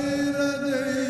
خير دين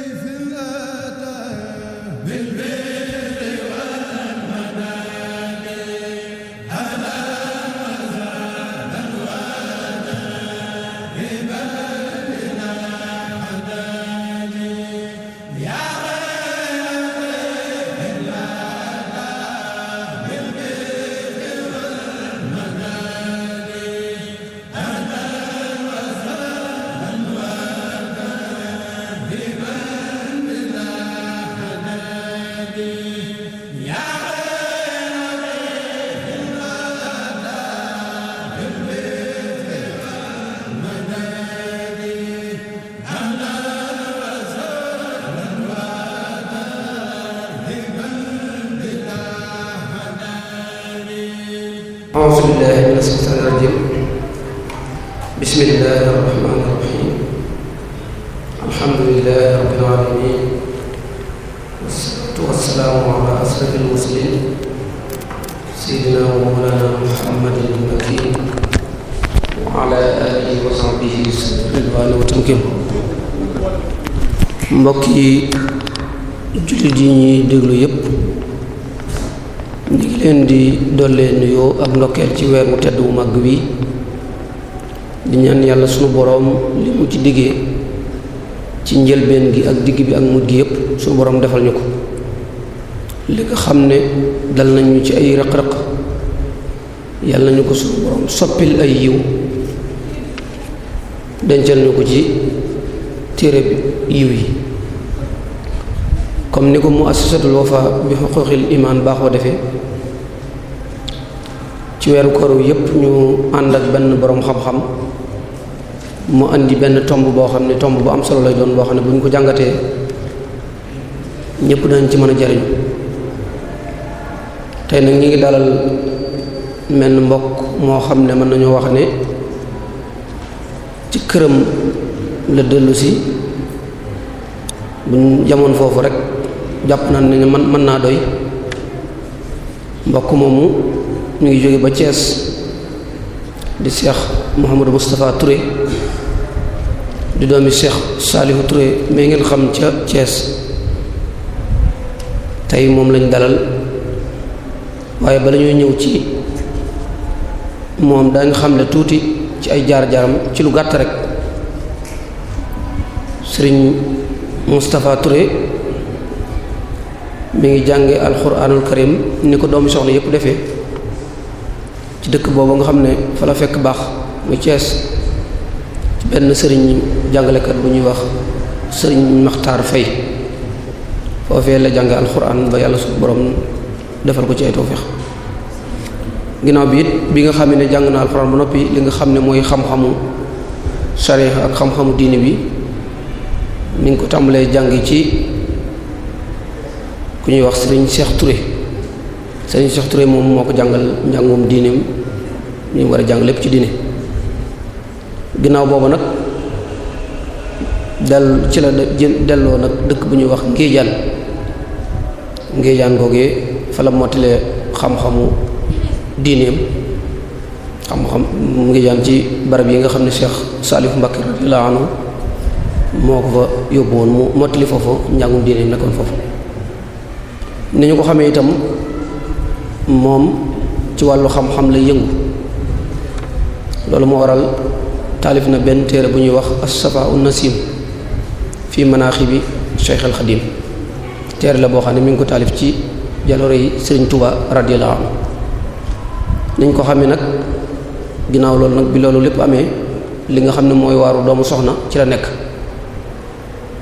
dollee nuyoo ak ndokkeel ci weer wu tedd wu màgg wi di ñaan yàlla sunu boroom li mu ci diggee ci njëlbeen gi ak digg bi ak mujj gi yépp sunu boroom defal ñu ko li nga xam ne dal nañu ci ay rëq-rëq yàlla nañu ko sunu boroom soppil ay yiw dencal ñu ko ci téere yiw yi comme ni ko mu assisatul wafa bi xuquqil iman baaxoo defee ci weeru koor wi yépp ñu ànd ak benn boroom xam-xam mu indi benn tomb boo xam ne tomb bu am solo lay doon boo xam ne bu ñu ko jàngatee ñépp dañ ci mën a jariñ tey nag ñu ngi dalal menn mbokk moo xam ne mën nañoo wax ne ci këram la dellu si buñ foofu rek jàpp na man mën naa doy mbokk moomu ñu ngi jóge ba Thiès di Cheikh Mouhamadou Moustapha Touré di doomi Cheikh Salihu Touré mais ngeen xam ca Thiès tey moom lañ dalal waaye ba ñuy ñëw ci moom daañ xam ne tuuti ci ay jaar-jaaram ci lu gàtt rek sëriñ Moustapha Touré mi ngi jànge alxuraanul karim ni ko doomi soxna yépp defee dëkk boobu nga xam ne fa la fekk baax mu Cees benn sëriñ jàngalekat bu ñuy wax sëriñ Maxtaar Fay foofee la jànge alxuraan ba yàlla su borom defal ko ci ay tawfeex ginnaaw bi it bi nga xam ne jàng na alxuraan ba noppi li nga xam ne mooy xam-xamu sariya ak xam-xamu diini bi mi ngi ko tàmbalee jàng ci ku ñuy wax sëriñ Cheikh Touré. sëriñ Cheikh Touré moom moo ko jàngal njàngum diineem ñu war a jàng lépp ci diine ginnaaw boobu nag del ci la delloo nag dëkk bu ñuy wax Ngéejaan Ngéejaan googee fa la mottalee xam-xamu diineem xam-xam Ngéejaan ci barab yi nga xam ne Cheikh Salif Mbacké radiyallahu anhu moo ko fa yóbbu woon mu mottali foofa njàngum diineem nekkoon foofu ni ñu ko xamee itam moom ci wàllu xam-xam lay yëngu loolu moo waral taalif na benn téere bu ñuy wax as-Safa un-Nasim fi manaaxibi Cheikh al Xadim téere la boo xam ne mi ngi ko taalif ci jaloore yi Sëriñ Tuba radiyallahu anhu ko xamee nag ginnaaw loolu nag bi loolu lépp amee li nga xam ne mooy waaru doomu soxna ci la nekk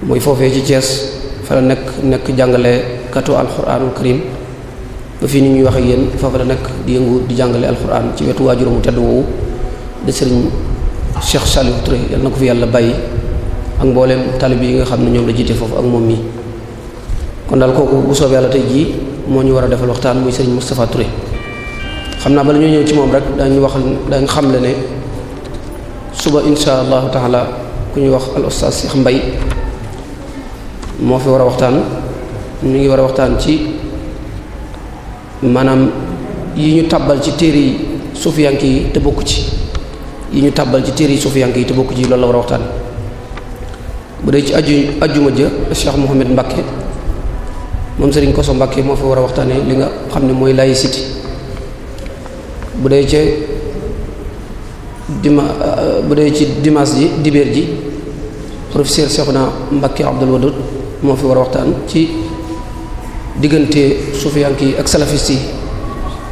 mooy foofee ci Thiès fa la nekk nekk jàngale katu alxuraanul karim ba fii ni ñuy wax ak yéen foofu la nekk di yëngu di jàngale alxuraan ci wetu waajur mu tedd woowu de sëriñ Cheikh Saliou Touré yal na ko fi yàlla bàyyi ak mbooleem talib yi nga xam ne ñoom la jiite foofu ak moom mii. kon daal kooku bu soobee yàlla tey jii moo ñu war a defal waxtaan muy sëriñ Moustapha Touré xam naa bala ñoo ñëw ci moom rek dañu waxal dañ xam le ne suba insha allahu taala ku ñuy wax al ustaas Cheikh Mbaye moo fi war a waxtaan ñu ngi war a waxtaan ci. maanaam yi ñu tàbbal ci téere yi sufiyank yi te bokk ci yi ñu tàbbal ci téere yi sufiyank yi te bokku ci loolu la war a waxtaan bu dee ci aju ajuma ja Cheikh Mouhamed Mbacké moom Serigne Koso Mbacké moo fa war a waxtaanee li nga xam ne mooy laïcité bu dee ci dima bu dee ci dimanche ji dibéer ji professeur Cheikhouna Mbacké Abdoul Wadoud moo fi war a waxtaan ci diggante sufiyank yi ak salafiste yi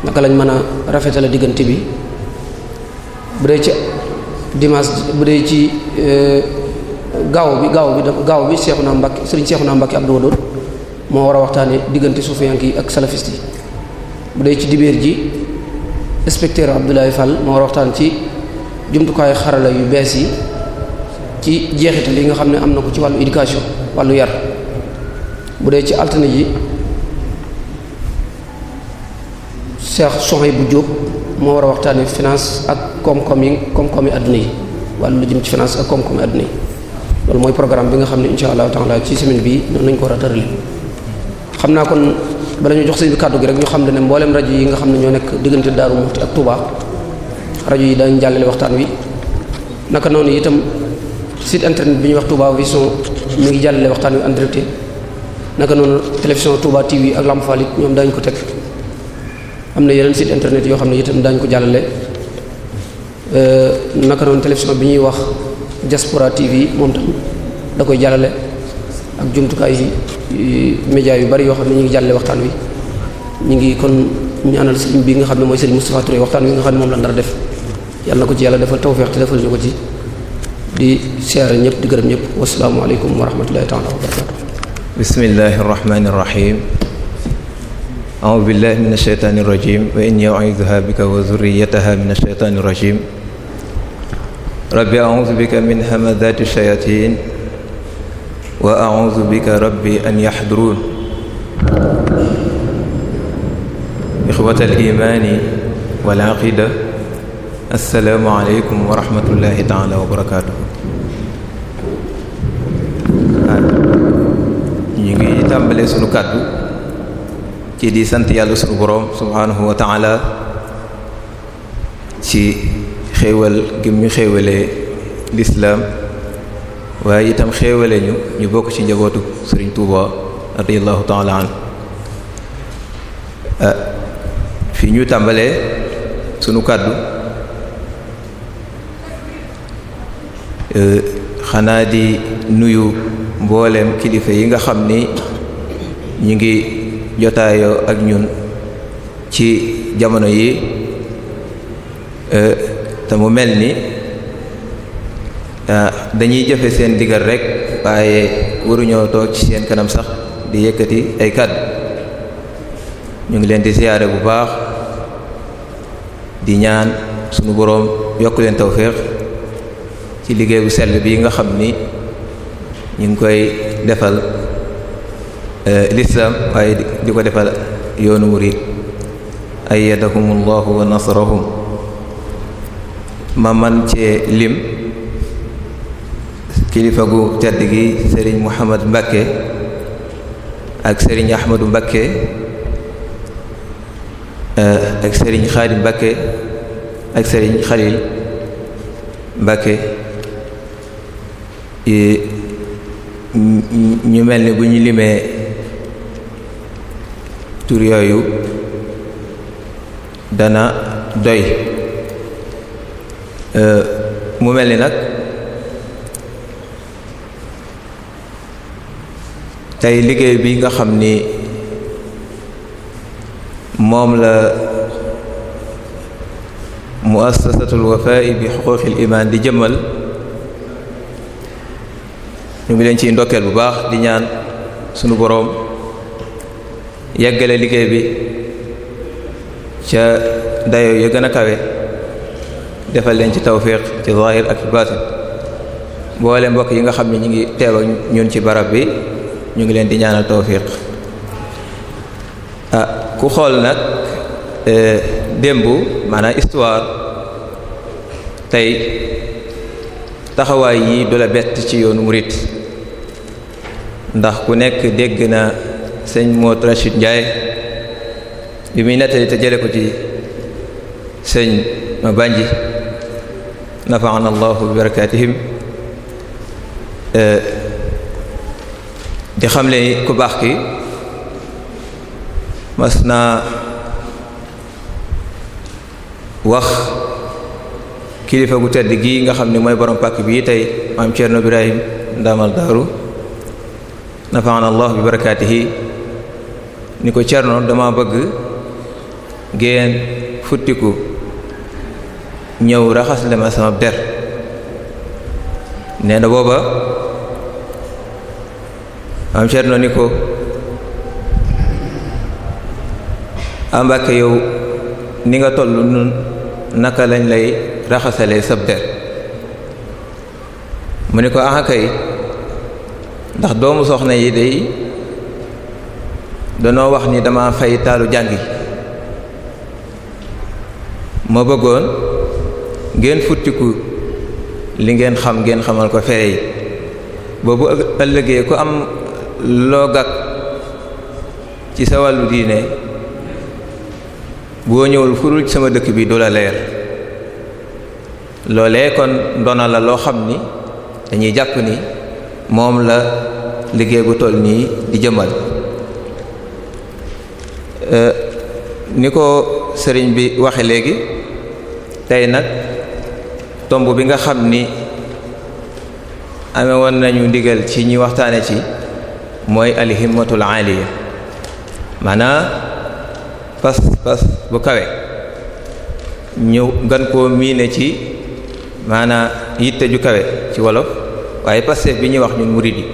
naka lañ mën a rafetale diggante bi bu dee ci dimanche bu dee ci eh, gaaw bi gaaw bi gaaw bi Seexuna Mbàkke Sëriñ Seexuna Mbàkke Abdou Wadoud moo war a waxtaane diggante sufiyank yi ak salafiste yi bu dee ci dibeer ji inspecteur Abdoulaye fal moo war a waxtaan ci jumtukaayu xarala yu bees yi ci jeexital li nga xam ne am na ko ci wàllu éducation wàllu yar bu dee ci altine ji Cheikh Soxay bu Diop moo war a waxtaan waxtaanee finance ak koom-koom yi koom-koom yi adduna yi wàllu lu jëm ci finance ak koom-koom adduna yi loolu mooy programme bi nga xam ne insha allahu taala ci semaine bi noonu lañ ko a tërale xam naa kon bala ñu jox sëñ kàddu gi rek ñu xam ne mbooleem rajo yi nga xam ne ñoo nekk diggante Daaru Muxti ak Touba rajo yi dañ jàllale waxtaan wi naka noonu itam site internet bi ñu wax Touba Vision mu ngi jàllale waxtaan wi en direct naka noonu télévision Touba TV ak Lamp Fall it ñoom daañu ko teg am na yeneen site internet yoo xam ne itam daañu ko jàllale euh, naka noonu télévision bi ñuy wax Diaspora TV moom tam da koy jàllale ak jumtukaay yi média yu bari yoo xam ne ñu ngi jàllale waxtaan wi ñu ngi kon ñaanal sëriñ bi nga xam ne mooy sëriñ Moustapha Touré waxtaan wi nga xam ne moom la nar a def yàlla na ko ci yàlla defal tawfeex te defal ko ci di siyaare ñëpp di gërëm ñëpp wasalaamualeykum wa rahmatullahi taala wa barakatu bismillahi rahmani rahim a'uuzu billahi min asheytaani irrajim wa inni u'iizuha bika wa zurriyataha min asheytaani irrajim rabbi a'uuzu bika min hamazaati shayaatiin wa a'uuzu bika rabbi an yahduruun ixwatal imaani wal aqiida assalaamu aleykum wa rahmatullahi taala wa barakaatuh ñu ngi tàmbalee sunu kàddu ci di sant yàlla sunu boroom subhaanahu wa ta'ala ci xéewal gi mu xéewalee lislaam waaye itam xéewale ñu ñu bokk ci njabootu Sëriñ Tuuba radiyallahu ta'ala anhu ah, fi ñu tàmbalee sunu kàddu eh, xanaa di nuyu mbooleem kilifa yi nga xam ni ñu ngi jotaayoo ak ñun ci jamono yi e, te mu mel ni dañuy jëfe seen digal rek waaye waruñoo toog ci seen kanam sax di yëkkati ay kàddu ñu ngi leen di siyaare bu baax di ñaan sunu boroom yokk leen tawféex ci liggéey bu sell bi nga xam ni ñu ngi koy defal Eh, lislaam waaye di ko defal yoonu murid ayyadahumullahu wa nasrahum ma man cee lim kilifa gu tedd gi sëriñ Muhammad Mbakke ak sëriñ Ahmadu Mbakke eh, ak sëriñ Xaadim Mbakke ak sëriñ Xalil Mbakke eh, ñu mel ni bu ñu limee tur yooyu dana doy mu mel ni nag tey liggéey bi nga xam ni moom la muassasatul wafaa bi xuquuqil imaan di jëmmal ñu ngi leen ciy ndokkeel bu baax di ñaan sunu boroom yeggale liggéey bi ca dayo ya gën a kawe defal leen ci tawfiq ci zahir ak ci batin boole mbokk yi nga xam ne ñu ngi teew ak ñun ci barab bi ñu ngi leen di ñaanal tawfiq a ah, ku xool nag eh, démb maanaam histoire tey taxawaay yi du la bett ci yoonu murit ndax ku nekk dégg na sëñ moot Rachid Ndiaye bi muy nettali te jële ko ci sëñ ma bànji nafa'ana allahu bi barakatihim e, di xam le ni ku baax ki mas naa wax kilifa gu tedd gii nga xam ne mooy borom pàkk bii tey maam Cerno Ibrahim ndaamal daaru nafa'ana allahu bi ni ko cerno dama bëgg ngeen futtiku ñëw raxas le ma sama der nee na booba am cerno ni ko ambàkke ah, yow ni nga tollu nun naka lañ lay raxasale sab der mu ne ko ah kay ndax doomu soxna yi day danoo wax ni dama fay taalu jàngi ma bëggoon ngeen futtiku li ngeen xam ngeen xamal ko fere yi boobu ëllëgee ku am loo gàkk ci sa wàllu diine boo ñëwul furul ci sama dëkk bi du la leer loolee kon ndona la loo xam ni dañuy jàpp ni moom la liggéey bu toll nii di jëmmal Euh, ni ko sëriñ bi waxe léegi tey nag tomb bi nga xam ni amee woon nañu ndigal ci ñi waxtaane ci mooy alhimmatul aaliya maanaam pas pas bu kawe ñu gan koo miine ci maanaam yitte ju kawe ci wolof waaye passeef bi ñuy wax ñun murid yi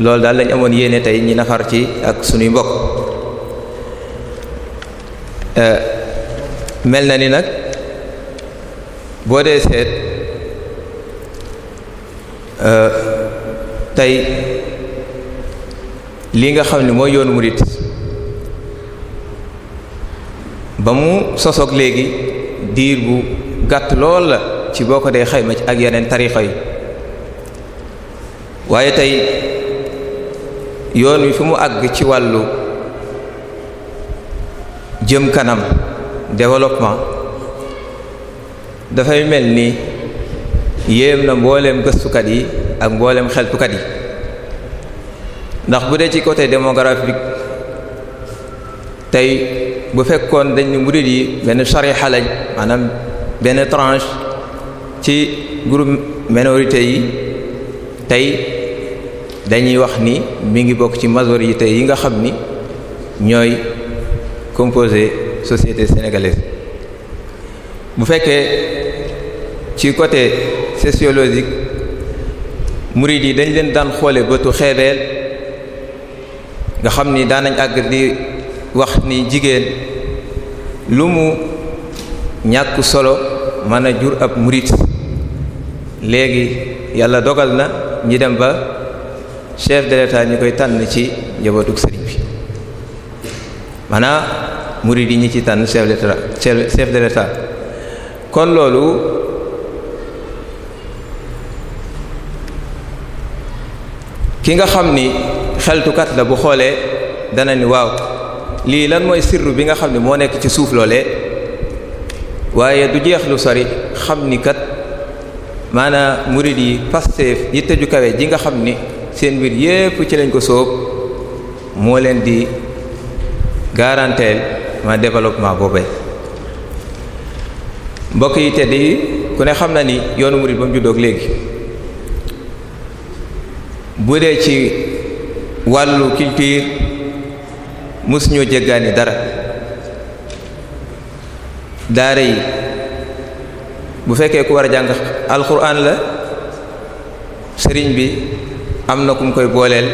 loolu daal lañ amoon yéene tey ñi nafar ci ak sunuy mbokk Euh, mel na ni nag boo dee seet euh, tey lii nga xam ni mooy yoonu murit ba mu sosoog léegi diir bu gàtt lool la ci boo ko dee xayma ci ak yeneen tarixa yi waaye tey yoon wi fi mu àgg ci wàllu jëm kanam développement dafay mel ni yéem na mbooleem gëstukat yi ak mbooleem xeltukat yi ndax bu dee ci côté démographique tey bu fekkoon dañ ni murid yi benn sharixa lañ maanaam benn tranche ci groupe minorité yi tey dañuy wax ni mi ngi bokk ci majorité yi nga xam ni ñooy composé société sénégalaise bu fekkee ci côté sociologique murid yi dañ leen daan xoole bëtu xeebeel nga xam ni daanañ àgg di wax ni jigéen lu mu ñàkk solo mën a jur ab murid léegi yàlla dogal na ñi dem ba chef de l'état ñi koy tànn ci njabootu sëriñ bi maanaam murid yi ñu ci tànn chef d'état chef de l'état kon loolu ki nga xam ni xeltukat la bu xoolee dana ni waaw lii lan mooy sirru bi nga xam ni moo nekk ci suuf loolee waaye du jeex lu sori xam ni kat maanaam murid yi Pastef yitte ju kawe ji nga xam ni seen mbir yépp ci lañ ko sóob moo leen di garanteel mooy développement boobee mbokk yi te di ku ne xam na ni yoonu murid ba mu juddoog léegi bu dee ci wàllu culture mës ñoo jéggaani dara daara yi bu fekkee ku war a jàng alxuraan la sëriñ bi am na ku mu koy booleel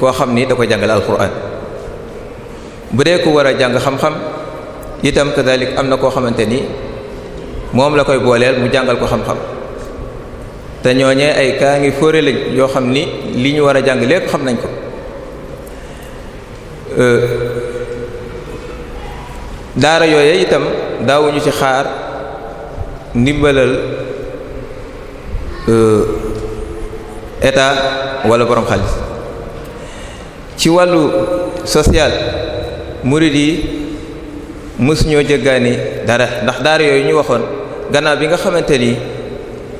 koo xam ni da koy jàngal alxuraan bu ku war a jàng xam-xam itam kadalik am na koo xamante ni moom la koy booleel mu jàngal ko xam-xam te ñooñee ay kaa ngi fóore lañ yoo xam ni li ñu war a jàng lépp xam nañ ko daara yooye itam daawuñu ci xaar ndimbalal état wala borom xaalis ci wàllu social murid yi mësuñoo jëggaani dara ndax daar yooyu ñu waxoon gannaaw bi nga xamante ni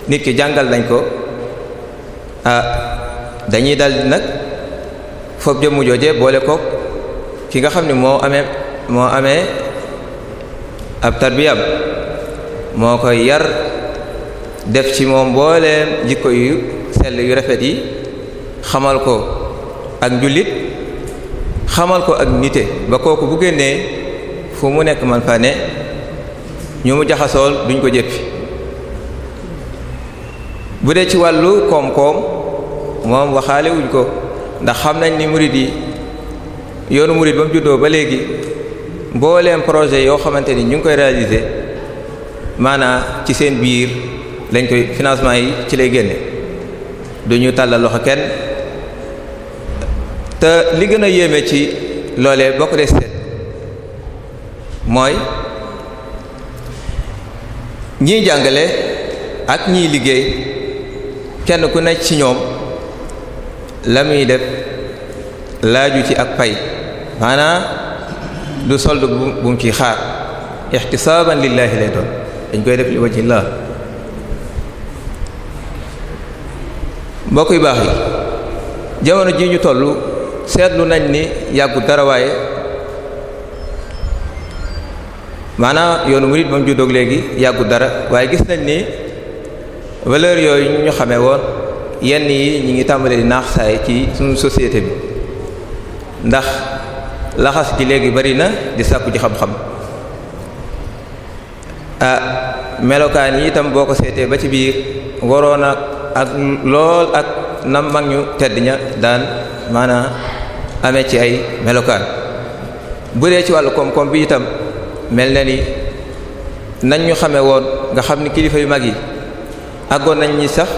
nit ki jàngal nañ ko ah dañuy daldi nag foofu jëmm joojee boole ko ki nga xam ni moo ame moo amee ab tarbiyam moo koy yar def ci moom mbooleem jikko yu sell yu rafet yi xamal ko ak njullit xamal ko ak nite ba kooku bu génnee fu mu nekk man fa ne ñu mu jaxasool duñ ko jëppi bu dee ci wàllu koom-koom moom waxaale wuñ ko ndax xam nañ ni murid yi yoonu murid ba mu juddoo ba léegi mbooleem projet yoo xamante ni ñu ngi koy réaliser maanaam ci seen biir lañ koy financement yi ci lay génne duñu tàllal loxo kenn te li gën a yéeme ci loole boo ko seet mooy ñiy jàngale ak ñiy liggéey kenn ku nekk ci ñoom la muy def laaju ci ak pay maanaam du soldu bu mu ciy xaar ixtisaaban lillaahi lay doon dañ koy def li wajhillah mbokk yu baax yi jamono ji ñu tollu seetlu nañ ni yàggu dara waaye maanaam yoonu murid ba mu juddoog léegi yàggu dara waaye gis nañ ni valeur yooyu ñu xamee woon yenn yi ñu ngi tàmbalee di naax saay ci suñu société bi ndax laxas ji léegi bari na di sàkku ji xam-xam ah melokaan yi itam boo ko seetee ba ci biir waroon ak ak lool ak nam mag ñu tedd ña daan maanaa amee ci ay melokaan bu ci wàllu koom-koom bi itam mel na ni nañ ñu xamee woon nga xam ni kilifa yu mag yi àggoon nañ ñi sax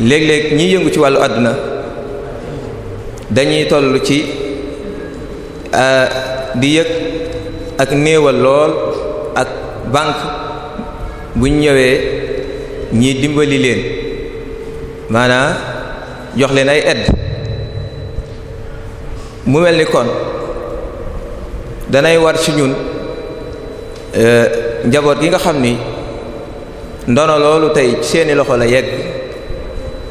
léeg-léeg ñiy yëngu ci wàllu àdduna dañuy toll ci di yëg ak néewal lool ak banque buñ ñëwee ñiy dimbali leen maanaa jox leen ay edd mu mel ni kon danay war ci ñun e, njaboot gi nga xam ni ndono loolu tey seeni loxo la yegg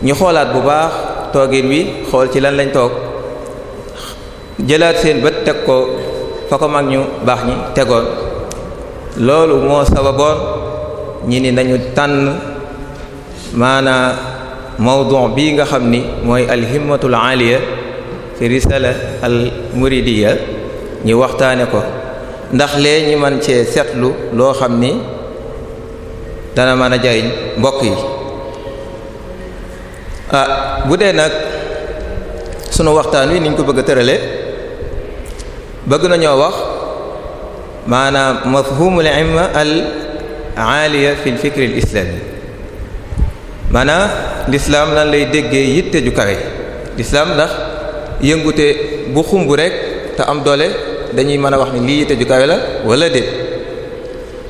ñu xoolaat bu baax toogin wi xool ci lan lañ toog jëlaat seen bët teg ko fa ko mag ñu baax ñi tegoon loolu moo sababoon ñi ni nañu tànn maanaa mawdu bii nga xam ni mooy alhimmatul aliya fi risala al muridiya ñu waxtaane ko ndax lee ñi man cee seetlu loo xam ni dana mën a jariñ mbokk yi ah, bu dee nag sunu waxtaan wi niñ ko bëgg a tërale bëgg nañoo wax maanaam mafhumul ilma al aaliya fi l islaami maanaam lislaam lan lay déggee yitte ju lislaam ndax yëngute bu xumb rek te am doole dañuy mën a wax ni lii yitte kawe la wala déet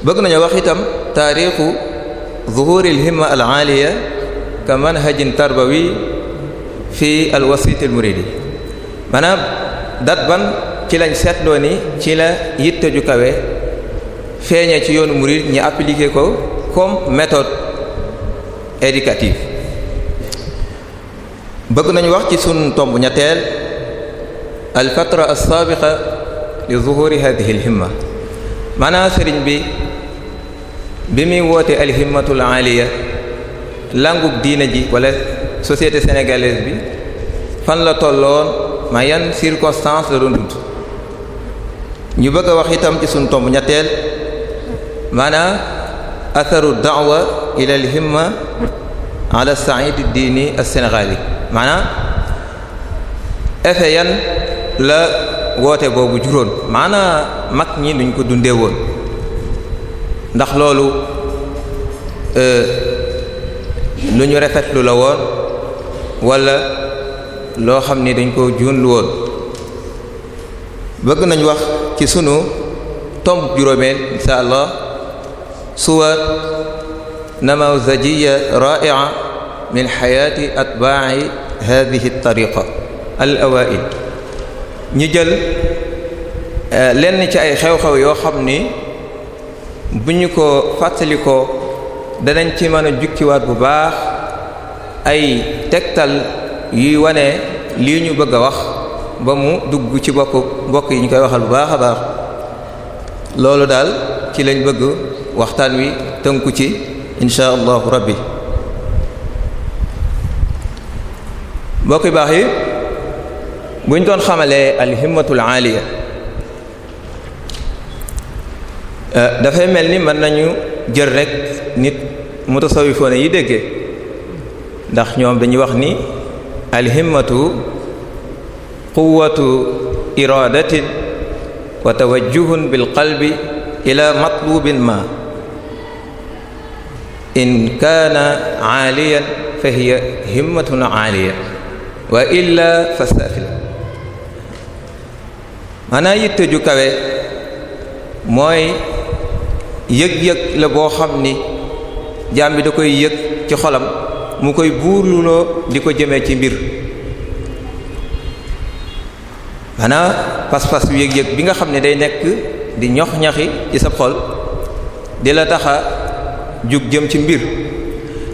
bëgg nañu wax itam taarixu zuhuril himma al aliya ka manhajin tarbawi fi al wasit al muridi maanaam dat ban ci lañ seetloo ni ci la yitte ju kawe feeñee ci yoonu murid ñi appliquer ko comme méthode éducative bëgg nañu wax ci sunu tomb ñetteel alfatra alsaabiqa li zuhuri hadihi alhimma maanaa sëriñ bi bi muy woote alhimmatul aaliya langub diina ji wala société sénégalaise bi fan la tolloon ma yan circonstance la doon dund ñu bëgg a wax itam ci suñ tomb ñetteel maanaa atharu da'wa ila alhimma ala said diini as-sénégali maanaa effet yan la woote boobu juróon maanaa mag ñi luñ ko dundee woon ndax loolu euh, lu ñu rafetlu la woon wala loo xam ni dañ ko juunlu woon bëgg nañ wax ci sunu tomb juróomeel insha allah suwar namazajiya ra'i'a min xayaati atbaa'i hadhihi al-awaa'il ñu jël euh, lenn ci ay xew-xew yoo xam ni bu ñu ko fàttalikoo danañ ci mën a jukkiwaat bu baax ay tegtal yuy wane lii ñu bëgg a wax ba mu dugg ci bokk mbokk yi ñu koy waxal bu baax a baax loolu daal ci lañ bëgg waxtaan wi tënku ci insha allahu rabbi mbokk baax yi buñ doon xamalee alhimmatul aaliya euh, dafay mel ni mën nañu jël rek nit mutasawifoone yi déggee ndax ñoom dañuy wax ni alhimmatu quwwatu iradatin wa tawajjuhun bil qalbi ila matlubin ma in kaana aaliyan fa hiya himmatun aaliya wa illa fa saafil maanaam yitte ju kawe mooy yëg-yëg la boo xam ni jaam bi da koy yëg ci xolam mu koy buurluloo di ko jëmee ci mbir maanaam pas-pas yëg-yëg bi nga xam ne day nekk di ñox-ñaxi ci sa xol di la taxa jug jëm ci mbir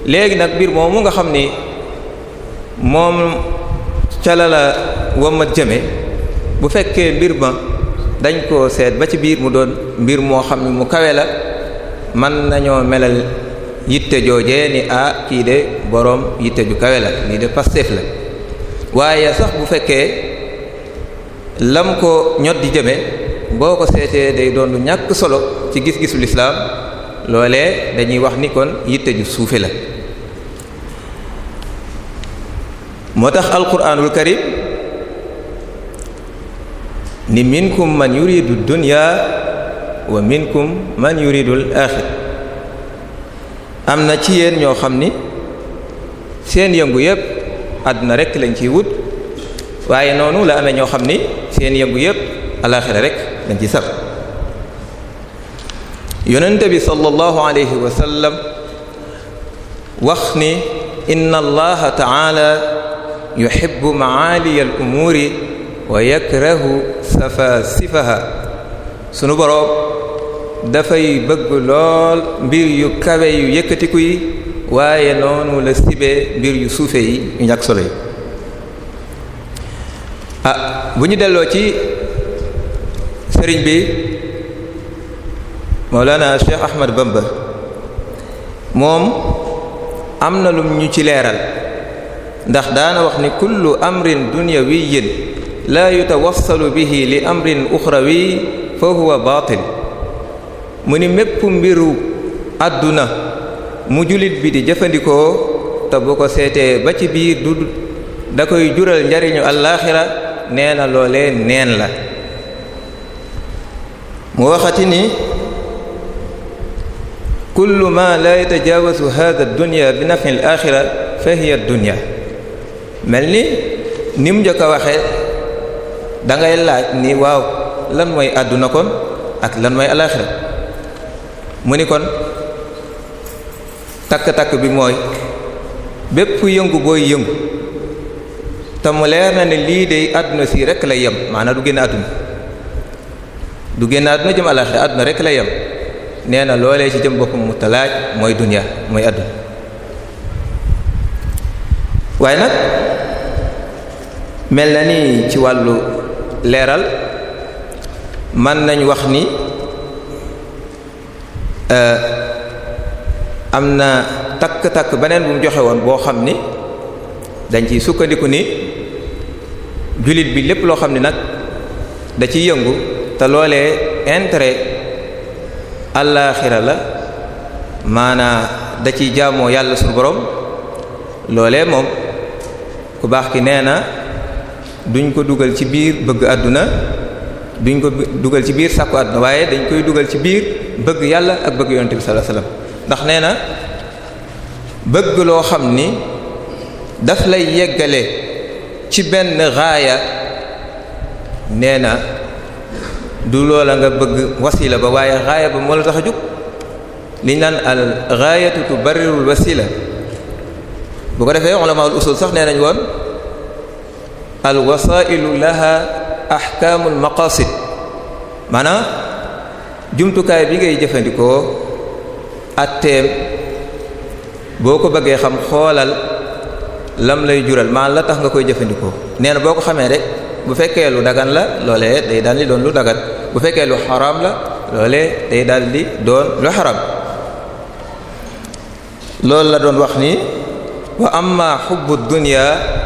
léegi nag mbir moomu nga xam ni moom ca la la wamat jëme bu fekkee mbir ma dañ koo seet ba ci biir mu doon mbir moo xam ne mu kawe la mën nañoo melal yitte joojee ni ah kii de boroom yitte ju kawe la nii de Pastef la waaye sax bu fekkee lam ko ñot di jëme boo ko seetee day doon lu ñàkk solo ci gis-gisu lislaam loolee dañuy wax ni kon yitte ju suufe la moo tax alquranul karim ni minkum man yuridu dunya wa minkum man yuridul axir am na ci yéen ñoo xam ni seen yëngu yëpp àdduna rek lañ ci wut waaye noonu la amee ñoo xam ni seen yëngu yëpp alaxira rek lañ ci sax yonente bi sallallahu alayhi wa wax ni inna allaha ta'ala yuhibbu ma'ali al umuri wa yakrahu safaasifaha sunu boroom dafay bëgg lool mbir yu kawe yu yëkkatiku yi waaye noonu la sibe mbir yu suufe yi yu ñàkk solo yi ah bu ñu delloo ci sëriñ bi Mawlana Cheikh Ahmad Bamba moom am na lum ñu ci leeral ndax daana wax ni kullu amrin dunyawiyyin laa yutawassalu bihi li amrin uxrawi fa huwa baatil mu ni mépp mbiru àdduna mu jullit bi di jëfandikoo te bu ko seetee ba ci biir du da koy jural njariñu allaaxira nee na loolee neen la mu waxati ni kullu ma la yatajaawazu hada dunya bi nafil axira fa hiya dunya mel ni ni mu a waxee da ngay laaj ni waaw lan mooy àdduna kon ak lan mooy alaxira mu ni kon takk-takk bi mooy bépp yëngu booy yëngu te leer na ni lii de àdduna si rek lay yem maanaam du génn àdduna du génn àdduna jëm alaxira àdduna rekk lay yem nee na loolee ci jëm boppam mu talaaj mooy dunya mooy àdduna waaye nag mel na ni ci wàllu leeral man nañ wax ni euh, am na takk-takk beneen bu mu joxe woon boo xam ni dañ ciy sukkandiku ni jullit bi lépp loo xam ni nag da ciy yëngu te loolee intérêt àllaaxira la maanaa da ciy jaamoo yàlla suñu boroom loolee moom ku baax ki nee na duñ ko dugal ci biir bëgg àdduna duñ ko dugal ci biir sàkku àdduna waaye dañ koy dugal ci biir bëgg yàlla ak bëgg yonent bi sallallahu alayhi ndax nee na bëgg loo xam ni daf lay yeggale ci benn raaya nee na du loola nga bëgg wasila ba waaye raaya ba moo la tax a jóg liñ naan al raayatu tubarrirul wasila bu ko defee ulamaul usul sax nee nañ woon alwasailu laha ahkaamul maqasid maanaam jumtukaay bi ngay jëfandikoo atteem boo ko bëggee xam xoolal lam lay jural maanaam la tax nga koy jëfandikoo nee na boo ko xamee rek bu fekkee lu dagan la loolee day daal di doon lu dagan bu fekkee lu xaraam la loolee day daal di doon lu xaraam loolu la doon wax ni wa amma hubbu dunya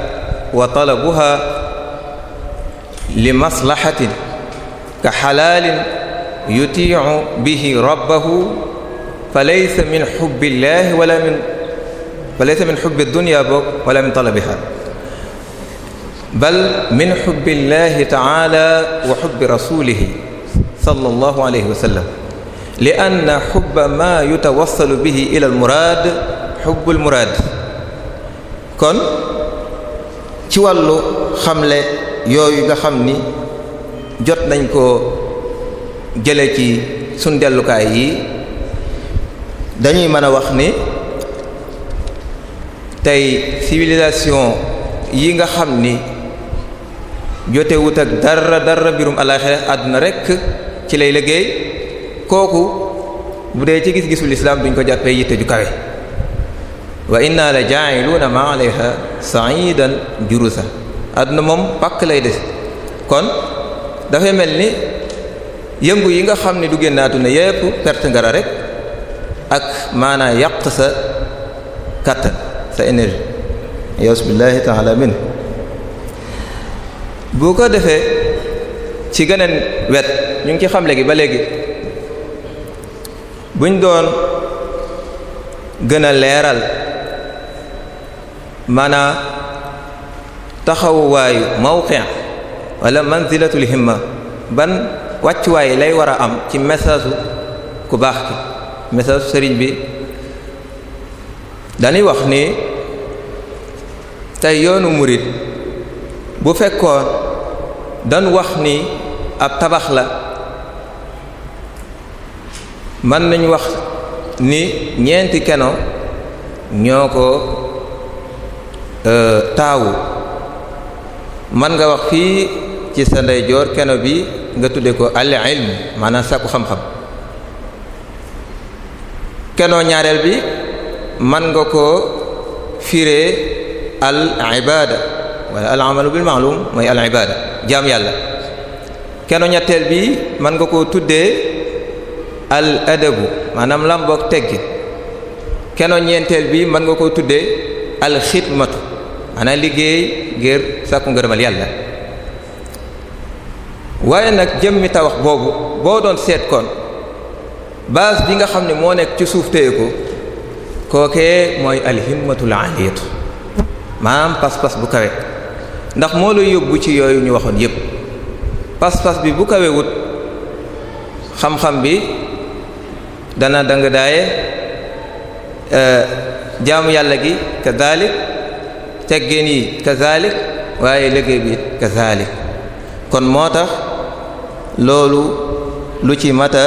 wa talabuha li maslahatin ka xalaalin yutiicu bihi rabbahu fa laysa min xubbillahi wala min fa laysa min xubbi dunya boog wala min talabiha bal min xubbillahi taala wa xubbi rasulihi sallallahu alayhi wa sallam li anna xubba ma yutawassalu bihi ila al muraad xubbul muraad kon ci wàllu xamle yooyu nga xam ni jot nañ ko jële ci sunu dellukaay yi dañuy mën a wax ni tey civilisation yi nga xam ni jotewut ak dara dara mbirum alaxira àdduna rekk ci lay liggéey kooku bu dee ci gis-gisul islaam duñ ko jàppee yitte ju kawe wa inna la ja'iluna ma 'alayha sa'idan jurusa àdduna moom pàkk lay des kon dafay mel ni yëngu yi nga xam ne du génn àdduna yépp perte ngara rek ak maanaa yàq sa kàttan sa energi yos billahi ta'ala min bu ko defee ci geneen wet ñu ngi ci xamle gi ba léegi buñ doon gën a leeral maanaa taxawuwaayu mawqi wala manzilatul himma ban wàccuwaay lay war a am ci message ku baax ki message sëriñ bi dañuy wax ni tey yoonu murit bu fekkoon dañ wax ni ab tabax la mën nañ wax ni ñeenti keno ñoo ko Euh, taawu mën nga wax fii ci sa ndeyjoor keno bi nga tuddee ko al ilm maanaam sàkku xam-xam keno ñaareel bi mën nga ko fiire al ibada wala al amalu bil ma'lum mooy al ibada jaam yàlla keno ñetteel bi mën nga koo tuddee al adabu maanaam lamboog teggi keno ñeenteel bi mën nga ko tuddee al xidmatu xanaa liggéey ngir sàkku ngërëmal yàlla waaye nag jëmmi tawax boobu boo doon seet kon base bi nga xam ne moo nekk ci suuf téye ko kookee mooy alhimmatul aliyatu maam pas-pas bu kawe ndax moo lay yóbbu ci yooyu ñu waxoon yépp pas-pas bi bu kawee wut xam-xam bi dana danga daaye euh, jaamu yàlla gi kadalik teggeen yi kazalik waaye liggéey bi it kon moo tax loolu lu ci mata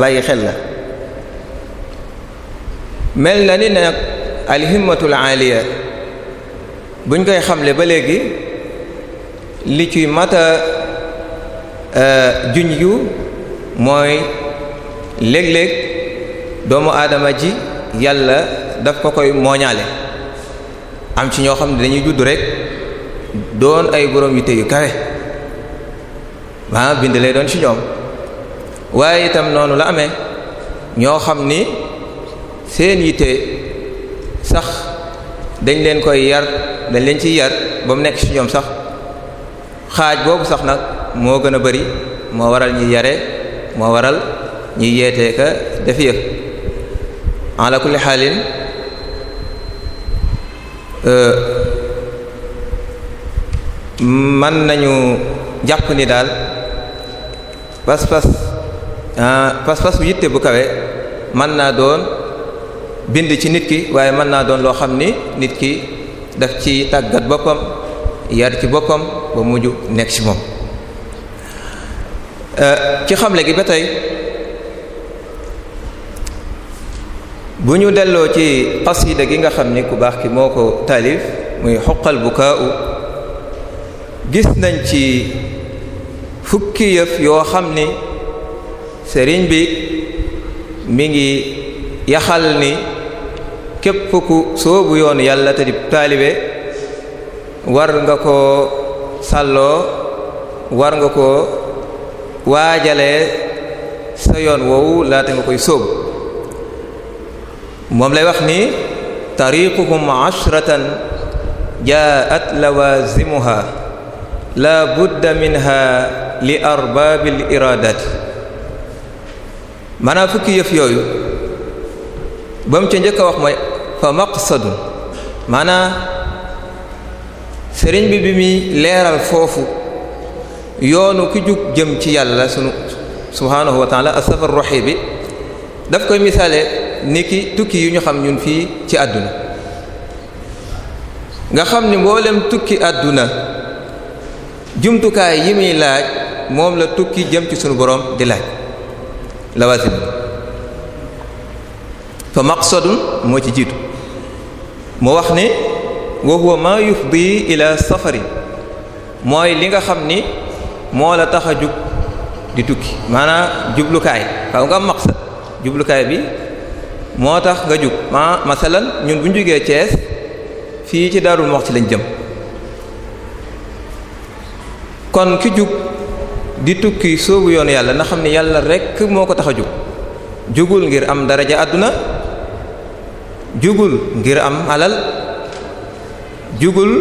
bàyyi xel la mel na ni nag alhimmatul aliya buñ koy xamlee ba léegi li ci mata e, juñ yu mooy léeg-léeg doomu aadama ji yàlla daf ko koy mooñale am ci ñoo xam ne dañuy judd rek doon ay borom yu téyu kawe ah bind lay doon ci ñoom waaye itam noonu la amee ñoo xam ni seen yitte sax dañ leen koy yar dañ leen ciy yar ba mu nekk ci ñoom sax xaaj boobu sax nag moo gën a bari moo waral ñi yare moo waral ñuy yeetee ka def yëf ala kulli xaalin Euh, man nañu jàpp ni daal pas-pas pas-pas bu yitte bu kawe mën naa doon bind ci nit ki waaye mën naa doon loo xam ni nit ki daf ci tàggat boppam yar ci boppam ba mujj nekk ci moom ci euh, xamle gi ba tey bu ñu delloo ci qasida gi nga xam ni ku baax ki moo ko taalif muy xoqal xuqal bukaa'u gis nañ ci fukki yëf yoo xam ni sëriñ bi mi ngi yaxal ni képp ku soobu yoonu yàlla te war nga ko sàlloo war nga koo waajale sa yoon woowu laata nga koy sóobu moom lay wax ni tariquhum ashratan jaat lawazimuha la budda minha li arbaabil iraadaati maanaam fukki yëf yooyu ba mu ca njëkk a wax mooy fa maqsadun maanaam sëriñ bi bi muy leeral foofu yoonu ki jug jëm ci yàlla sunu subhaanahu wa taala asafar roxi bi koy misaale niki tukki yu ñu xam ñun fii ci àdduna nga xam ni mboolem tukki àdduna jumtukaay yi muy laaj moom la tukki jëm ci sunu boroom di laaj lawaasim fa maqsadun moo ci jiitu mu wax ni wa huwa ma yufdi ila mooy li nga xam ni moo la tax a jub di tukki maanaam jublukaay waaw nga am maqsad jublukaay bi moo tax nga jug ma masalan ñun bu ñu jugee Thiès fii ci Darou Moukhty lañ jëm kon ki jug di tukki soobu yoon yàlla na xam ne yàlla rekk moo ko tax a jug jugul ngir am daraja àdduna jugul ngir am alal jugul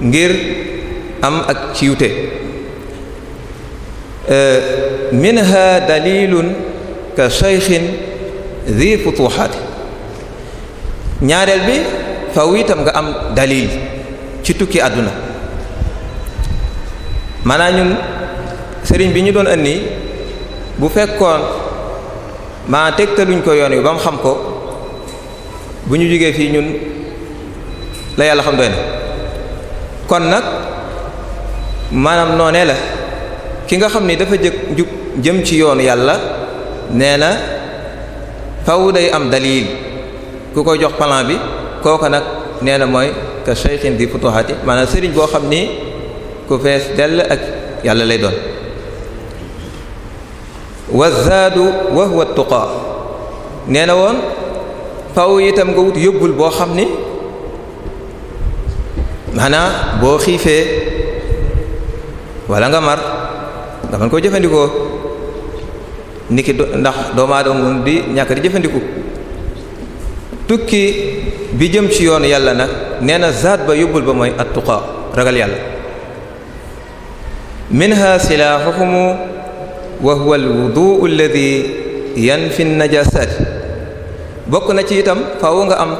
ngir am ak ciwte euh, minha dalilun ka xiin zi futuhaat ñaareel bi faw itam nga am dalil ci tukki àdduna maanaam ñun sëriñ bi ñu doon andi bu fekkoon maa tegtaluñ ko yoon wi ba mu xam ko bu ñu jógee fii ñun la yàlla xam doy na kon nag maanaam noonee la ki nga xam ni dafa jëk jub jëm ci yoonu yàlla nee na faw day am dalil ku ko jox plan bi kooka nag nee na mooy que cheikhin di futuhati maanaam sëriñ boo xam ni ku fees dell ak yàlla lay doon wa zaadu wa huwa tuqaa nee na woon faw itam nga wut yóbbul boo xam ni maanaam boo xiifee wala nga mar nga mën koo jëfandikoo ki ndax doomu aadama di ñàkk di jëfandiku tukki bi jëm ci yoonu yàlla nag nee na zaat ba yóbbul ba mooy attuqa ragal yàlla minha silaahuhum wa huwa alwudu alladhi yanfi najasaat bokk na ci itam faaw nga am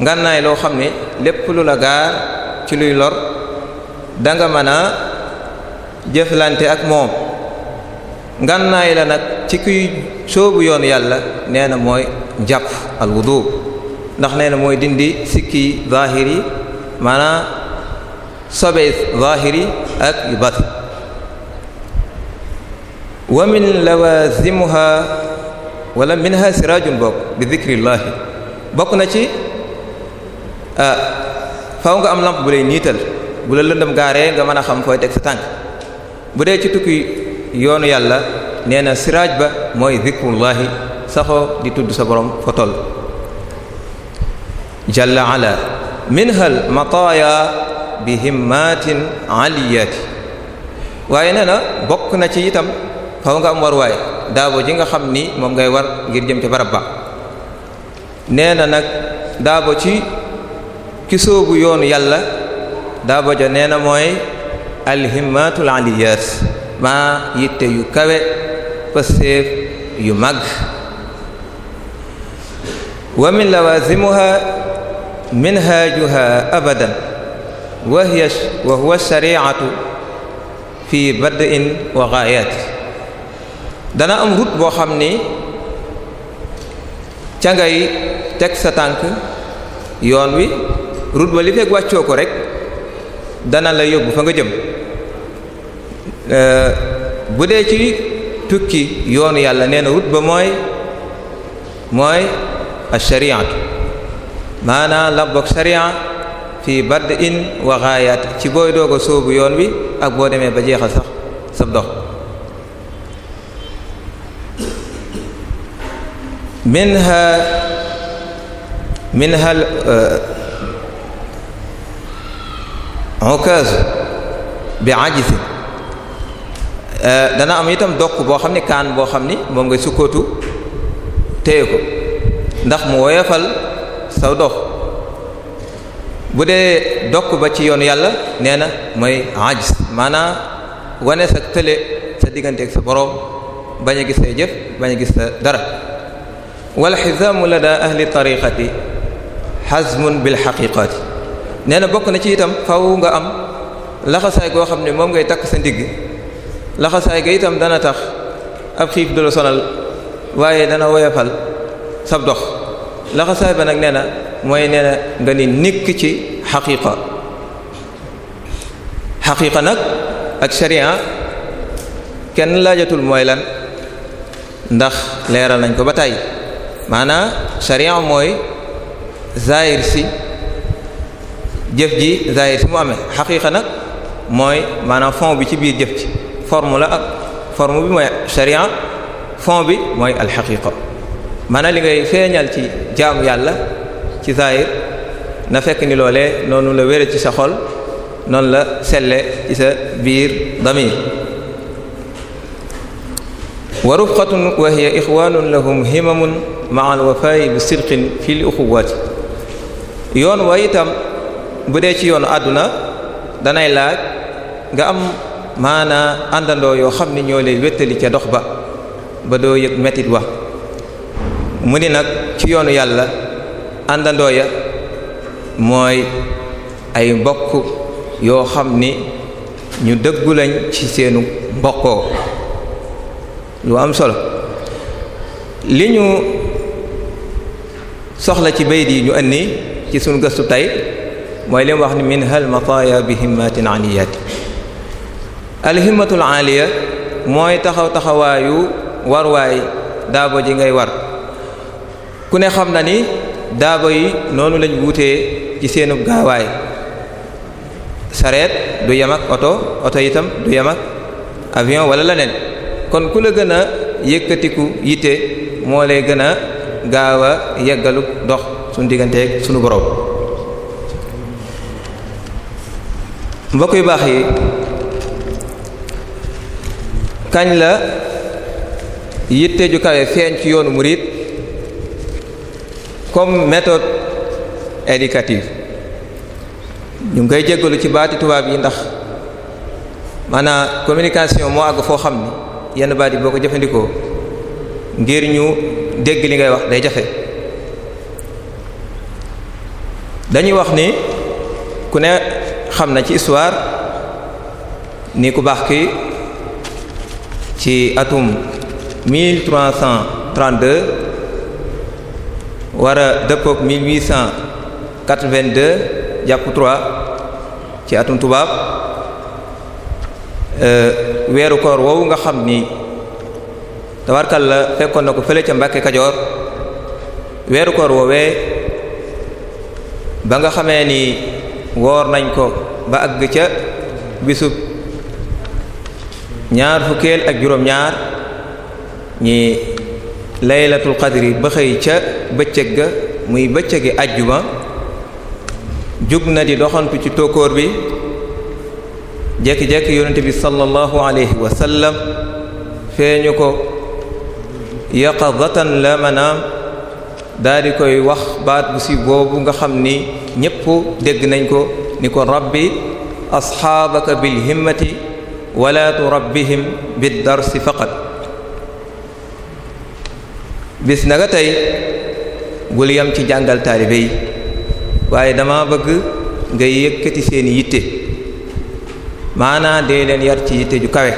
ngànnaay loo xam ne lépp lu la gaar ci luy lor danga mën a jëflante ak moom ngànnaay la nag ci kuy sóobu yoon yàlla nee na mooy jàpp al wudu ndax nee na mooy dindi sikki zahir yi maanaam sobe zahir ak yu bat wa min lawaazimuha wala minha sirajun bokk bi dhikrillahi bokk na ci ah, faw nga am lamp bu lay niital bu la lëndëm gaaree nga mën a xam fooy teg sa tànk bu dee ci tukki yoonu yàlla nee na siraaj ba mooy zikrullahi saxoo di tudd sa borom fa toll jalla ala minhal mataaya bi himmatin aliyati waaye nee na bokk na ci itam faw nga am war waay daabo ji nga xam ni moom ngay war ngir jëm ca barab ba nee na nag daabo ci ci soobu yoonu yàlla daabo ja nee na mooy alhimmatul aliyat maa yitte yu kawe pastéef yu mag wa min lawazimuha minhajuha abadan wa hiya wa huwa shari'atu fi bad'in wa ghayat dana am route boo xam ni ca teg sa tànk yoon wi route ba li fekk wàccoo rek dana la yóbbu fa nga jëm bu dee ci tukki yoon yàlla nee na wut ba mooy mooy ashariatu maanaam la bokk sharia fii badd in wa ghaayat ci booy doog a yoon wi ak boo demee ba jeexal sax sab dox minha minha al uh, ukaz bi ajiz Euh, dana am itam dokk boo xam ni kaan boo xam ni moom ngay sukkootu téye ko ndax mu woyofal saw dox bu dee dokk ba ci yoon yàlla nee na mooy ajis maanaa wane sa tële sa diggante ak sa boroom bañ a gis say jëf bañ a gis sa dara wal xisaamu la daa ahli tariqati xasmun bil xaqiqati nee na bokk na ci itam faw nga am laxasaay goo xam ne moom ngay takk sa ndigg laxasaay ga itam dana tax ab xiif du la sonal waaye dana woyofal sab dox laxasaay ba nag nee na mooy nee na nga ni nikk ci xaqiiqa xaqiiqa nag ak sharia kenn laajatul mooy lan ndax leeral nañ ko ba tey maanaa sharia mooy zahir si jëf ji zahir si mu amee xaqiiqa nag mooy maanaam fond bi ci biir jëf ji forme la ak forme bi mooy sharia fond bi mooy alxaqiqa maanaam li ngay feeñal ci jaamu yàlla ci zahir na fekk ni loole noonu la wére ci sa xol noonu la selle ci biir damir wa rufqatun wa hiya ixwanun lahum himamun ma'a al bi sidqin fi al-ukhuwati yoon wa bu dee ci yoonu àdduna danay laaj nga am maanaa àndandoo yoo xam ne ñoo lay wéttali ca dox ba ba doo yëg metit wa mu ni nag ci yoonu yàlla àndandoo ya mooy ay mbokk yoo xam ni ñu dëggu lañ ci seenu mbokkoo lu am solo li ñu soxla ci bayit yi ñu indi ci sunu gëstu tey mooy li wax ni min hal mataaya bi himmatin aniyati alhimmatul aliya mooy taxaw taxawaayu warwaay daabo ji ngay war ku ne xam na ni daabo yi noonu lañ wutee ci seenub gaawaay sareet du yem oto oto itam du yem ak avion wala leneen kon ku la gën a yëkkatiku yitte moo lay gën a gaawa a yeggalu dox suñu digganteeg suñu borom mbokk yu baax yi kañ la yitte ju kawe feeñ ci yoonu murit comme méthode éducative ñu ngay jéggalu ci baati tubaab yi ndax maanaam communication moo àgg foo xam ni yenn baat boo ko jëfandikoo ngir ñu dégg li ngay wax day jafe dañuy wax ni ku ne xam na ci histoire ni ku baax ki ci atum wara war a dëppook 1882 jàpp 3 ci atum tubaab euh, weeru koor woowu nga xam ni tabarkal la fekkoon na ko fële ca Mbàkke Kajoor weeru koor woowee ba nga xamee ni woor nañ ko ba àgg ca bisub ñaar fukkeel ak juróom-ñaar ñi laylatul qadri ba xëy ca bëccëg ga muy bëccëgi ajjuma jug na di doxantu ci tóokóor bi jekki-jekki yonente bi sallallahu alayhi wa feeñu ko yaqadatan la manaam daa koy wax baat bu si boobu nga xam ni ñépp dégg nañ ko ni ko rabbi asxaabaka bilhimmati wala turabbihim bid darsi faqat bis na nga tey bul yam ci jàngal taalibe yi waaye dama bëgg nga yëkkati seen yitte maanaa dee leen yar ci yitte ju kawe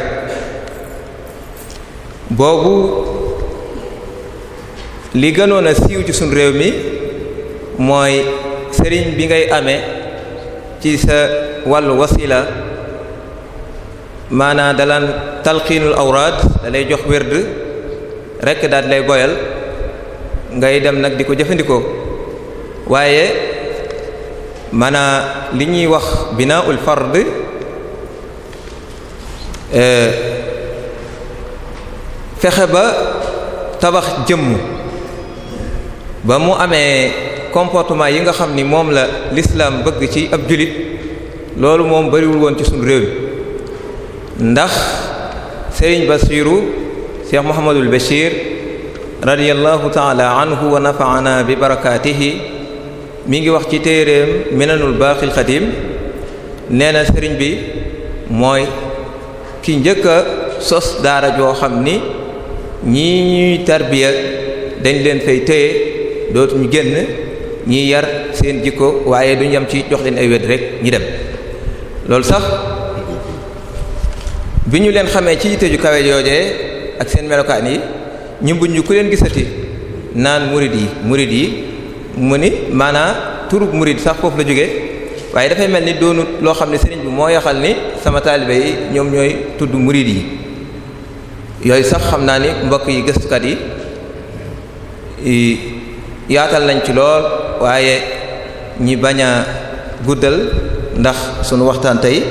boobu li gënoon a siiw ci sunu réew mi mooy sëriñ bi ngay amee ci sa wàll wasila maanaa dalaan talqiinul awraad da jox wérd rekk daal lay boyal ngay dem nag di ko jëfandikoo waaye maanaa li ñuy wax binaa'ul fard eh, fexe ba tabax jëmm ba mu amee comportement yi nga xam ni moom la lislaam bëgg ci ab jullit loolu moom bariwul woon ci sunu réew bi ndax Serigne Basiru Cheikh Muhammadul Bashir radiyallahu taala anhu wa nafa'ana bi barakaatihi mi ngi wax ci téereem minanul baaxil xadim nee na sëriñ bi mooy ki njëkk a sos daara joo xam ni ñii ñuy tarbiya dañ leen fay téye dootuñu génn ñi yar seen jikko waaye duñ yam ci jox leen ay wet rek ñi dem loolu sax bi ñu leen xamee ci yitte ju kawe joojee ak seen melokaan yi ñu buñ ku leen gisati naan murid yi yi mu ni maanaa turub murit sax foofu la jóge waaye dafay mel ni doonut loo xam ne sëriñ bi moo yaxal ni sama taalibe yi ñoom ñooy tudd murid yi yooyu sax xam naa ni mbokk yi gëstukat yi yaatal nañ ci lool waaye ñi bañ a guddal ndax sunu waxtaan tey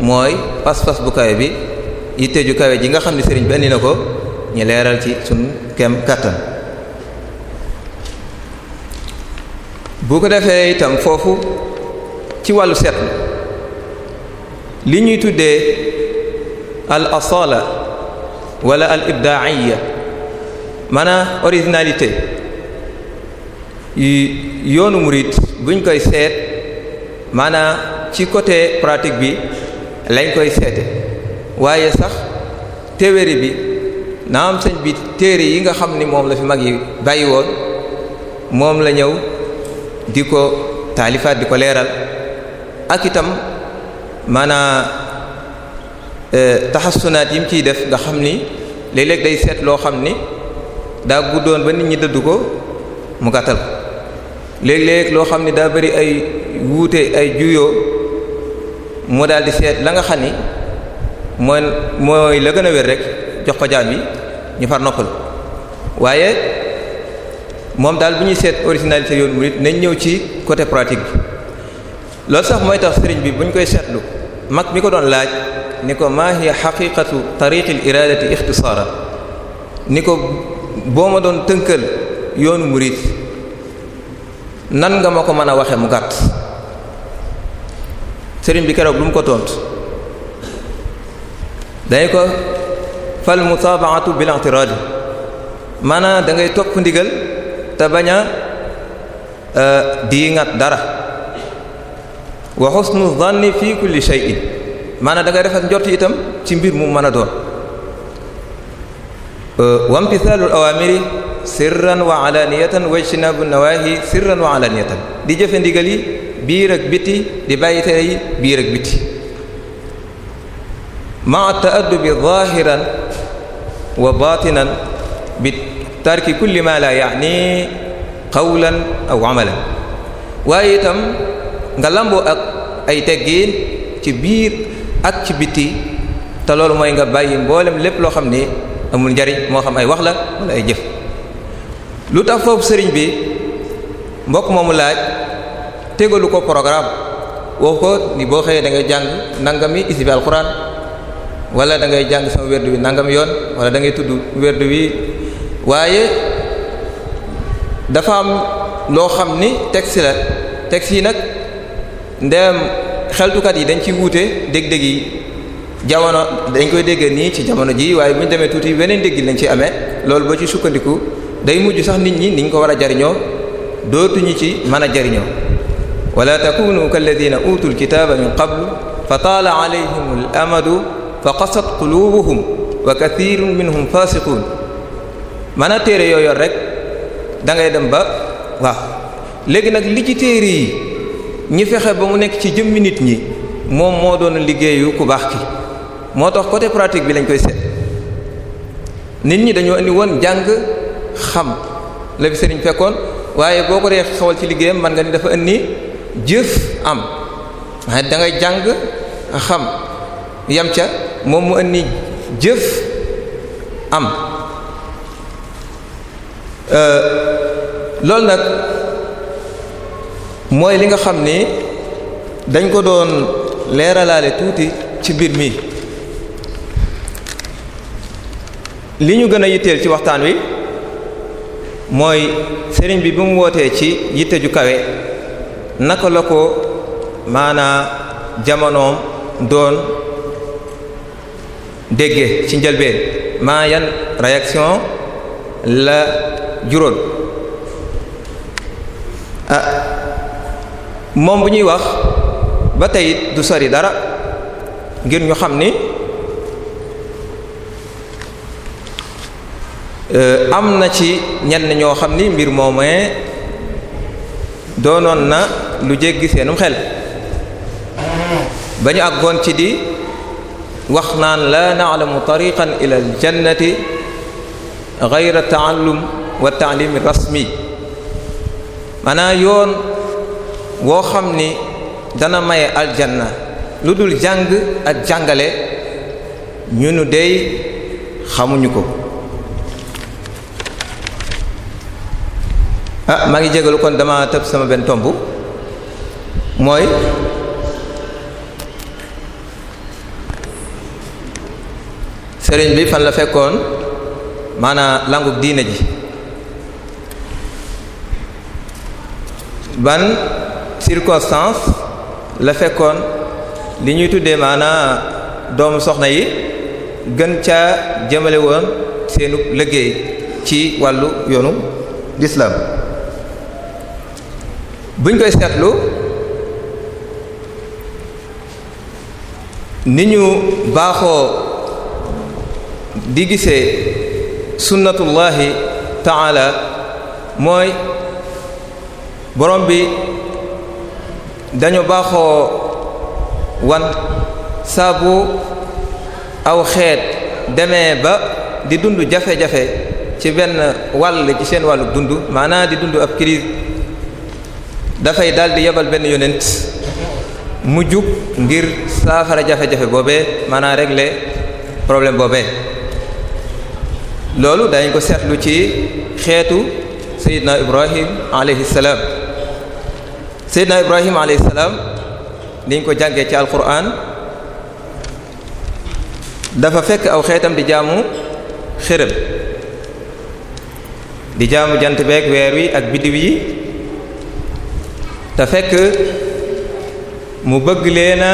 mooy pas-pas bu kawe bi yitte ju kawe ji nga xam ne sëriñ bi indi na ko ñu leeral ci suñ kem kàttan bu ko defee itam foofu ci wàllu seetlu li ñuy tuddee al asala wala al ibdaaiya maanaam originalité yoonu murit buñ koy seet maanaam ci côté pratique bi lañ koy seete waaye sax téwéri bi naa am sëñ bi téere yi nga xam ni moom la fi mag yi bàyyi woon moom la ñëw di ko taalifaat di ko leeral ak itam maanaa e, taxasunaat yi mu ciy def nga xam ni léeg-léeg day seet loo xam ni daa guddoon ba nit ñi dëddu ko mu gàttal ko léeg loo xam ni daa bari ay wuute ay juyoo mu daldi seet la nga xam ni mooy mooy la gën a wér rek jox ko jaan bi ñu far noppal waaye moom daal bu ñuy seet originalité yoon murid nañ ñëw ci côté pratique bi loolu sax mooy tax sëriñ bi bu ñu koy seetlu mag mi ko doon laaj ni ko maa hiya xaqiqatu tariqil iradati ixtisaara ni ko boo ma doon tënkal yoonu murid nan nga ma ko mën a waxe mu gàtt sëriñ bi keroog lu mu ko tontu. day ko fal mutaaba'atu bil i'tiraad maanaam da ngay topp ndigal te bañ a euh, dara wa husnu dhanni fi kulli shay'in maanaam da ngay rafet njort itam ci mbir mu mën a doon euh, wa imtisaalul awaamiri sirran wa alaaniyatan wa ijtinaabu nawaahi sirran wa alaaniyatan di jëfe ndigal yi biir ak biti di bàyyi tere yi biir biti maa taaddubi zahiran wa batinan bi tarki kulli ma la yaani qawlan aw amalan waaye itam nga lamboo ak ay teggiin ci biir ak ci biti te loolu mooy nga bàyyi mboolem lépp loo xam ni amul njariñ moo xam ay wax la wala ay jëf lu tax foofu sëriñ bi mbokk moomu laaj tegalu ko programme woo ko ni boo xëyee da ngay jàng nangami isib alxuraan wala da ngay jàng sama werd wi nangam yoon wala dangay ngay tudd werd wi waaye dafa am loo xam ni texte la texte yi nag ndem xeltukat yi dañ ci wuute dég-dég yi jamono dañ koy dégg nii ci jamono ji waaye bu ñu demee tuuti weneen dégg lañ ci amee loolu boo ci sukkandiku day mujj sax nit ñi niñ ko war a jariñoo ñu ci mën a jariñoo wala takunu kalladina utul kitaba min qablu fa taala alayhim amadu fa qasat qulubuhum wa kathirun minhum fasiqun man a téere yoo yor rek da ngay dem ba waaw léegi nag li ci téere yi ñi fexe ba mu nekk ci jëmmi nit ñi moom moo doon liggéeyu ku baax ki moo tax côté pratique bi lañ koy seet nit ñi dañoo indi woon jàng xam la fi sëriñ fekkoon waaye boo ko dee xawal ci liggéeyam man nga ni dafa indi jëf am da ngay jàng xam yam ca moom mu indi jëf am euh, loolu nag mooy li nga xam ni dañ ko doon leeralaale tuuti ci mbir mi li ñu gën a yitteel ci waxtaan wi mooy sëriñ bi bi mu wootee ci yitte ju kawe naka la ko maanaa jamonoom doon dégge ci njëlbeen maa yan réaction la juróon ah moom bu ñuy wax ba tey du sori dara ngir ñu xam ni eh, am na ci ñenn ñoo xam ni mbir moomee doonoon na lu jéggi seenum xel ba ñu àggoon ci di wax naan laa na'lamu tariqan ila al jannati ghayra wa ta'lim rasmi maanaa yoon woo xam ni dana maye aljanna lu dul jàng ak jàngale ñu nu dey xamuñu ko ah maa ngi jégalu kon dama tëb sama benn tomb mooy sëriñ bi fan la fekkoon maanaam langub diine ji ban circonstance la fekkoon li ñuy tuddee maanaam doomu soxna yi gën caa jëmale woon seenu liggéey ci wàllu yoonu lislaam buñ koy seetlu ni ñu baaxoo di gisee sunnatullahi taala mooy borom bi dañu baaxoo wan saa aw xeet demee ba di dund jafe-jafe ci benn wàll ci seen wàllu dund maanaam di dund ab crise dafay daldi yebal benn yonent mu jub ngir saafara jafe-jafe boobee maanaam régler problème boobee loolu dañ ko seetlu ci xeetu Seydina Ibrahim alayhi salaam Seydina Ibrahim alayhi salaam niñ ko jàngee ci alquran dafa fekk aw xeetam di jaamu xërëm di jaamu jant beek weer wi ak biddiw yi te fekk mu bëgg leena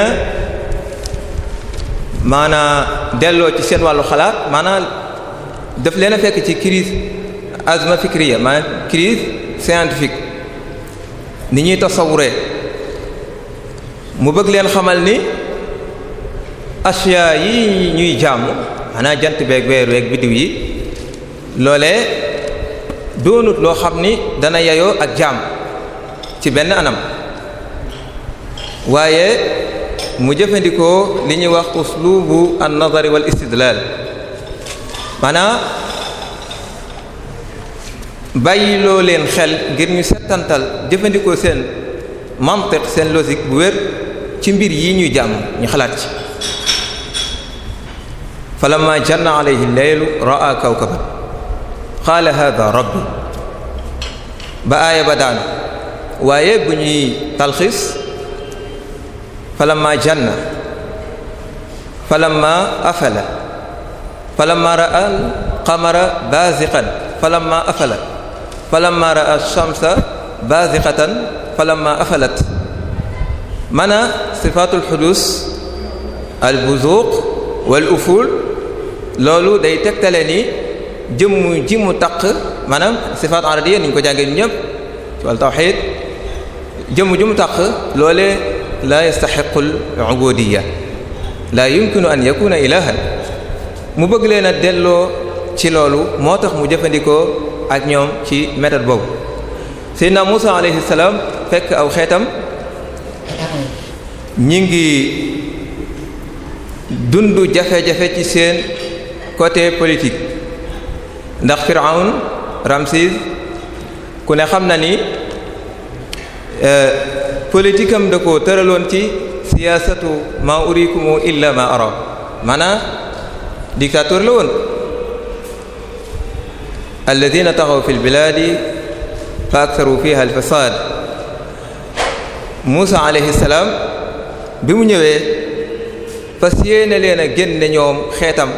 maanaa delloo ci seen wàllu xalaat maanaa def leen a fekk ci crise azma fikriya maanaam crise scientifique ni ñuy tasawuree mu bëgg leen xamal ni ashiya yi ñuy jàmm maanaam jant beeg weer weeg biddiw yi loole doonut loo xam ni dana yayoo ak jàmm ci benn anam waaye mu jëfandikoo li ñuy wax uslubu an-nazar wal istidlal maanaam bàyyiloo leen xel ngir ñu settantal jëfandikoo seen mantiq seen logique bu wér ci mbir yi ñuy jàmm ñu xalaat ci falamma janna alayhi leylu raa kawkaban qaala hada rabbi ba aaya ba daanu waaye bu ñuy talxiis falamma janna falamma afala falamma ra'a al-qamara baziqan falamma afala falamma ra'a ash-shamsa baziqatan falamma afalat mana sifatul xudus al buzuq wal uful loolu day tegtale ni jëmm ji mu taq maanaam sifaat aradiya ni ñu ko jàngee ñu ñëpp ci wàllu tawxid jëmm ji mu taq loolee la yastaxiqu al ubudiyya la yumkinu an yakuna ilahan mu bëgg leen a delloo ci loolu moo tax mu jëfandikoo ak ñoom ci méthode boobu sayyidina Musa alayhi salaam fekk aw xeetam ñi ngi dund jafe-jafe ci seen côté politique ndax Firawn Ramses ku ne xam na ni euh, politique am da ko tëraloon ci siyaasatu ma urikum illa ma ara maanaam dictateur la woon alladina taxaw fi lbiladi fa aktaru fiha alfasad Musa alayhi salaam bi mu ñëwee fas yéene leen a génne ñoom xeetam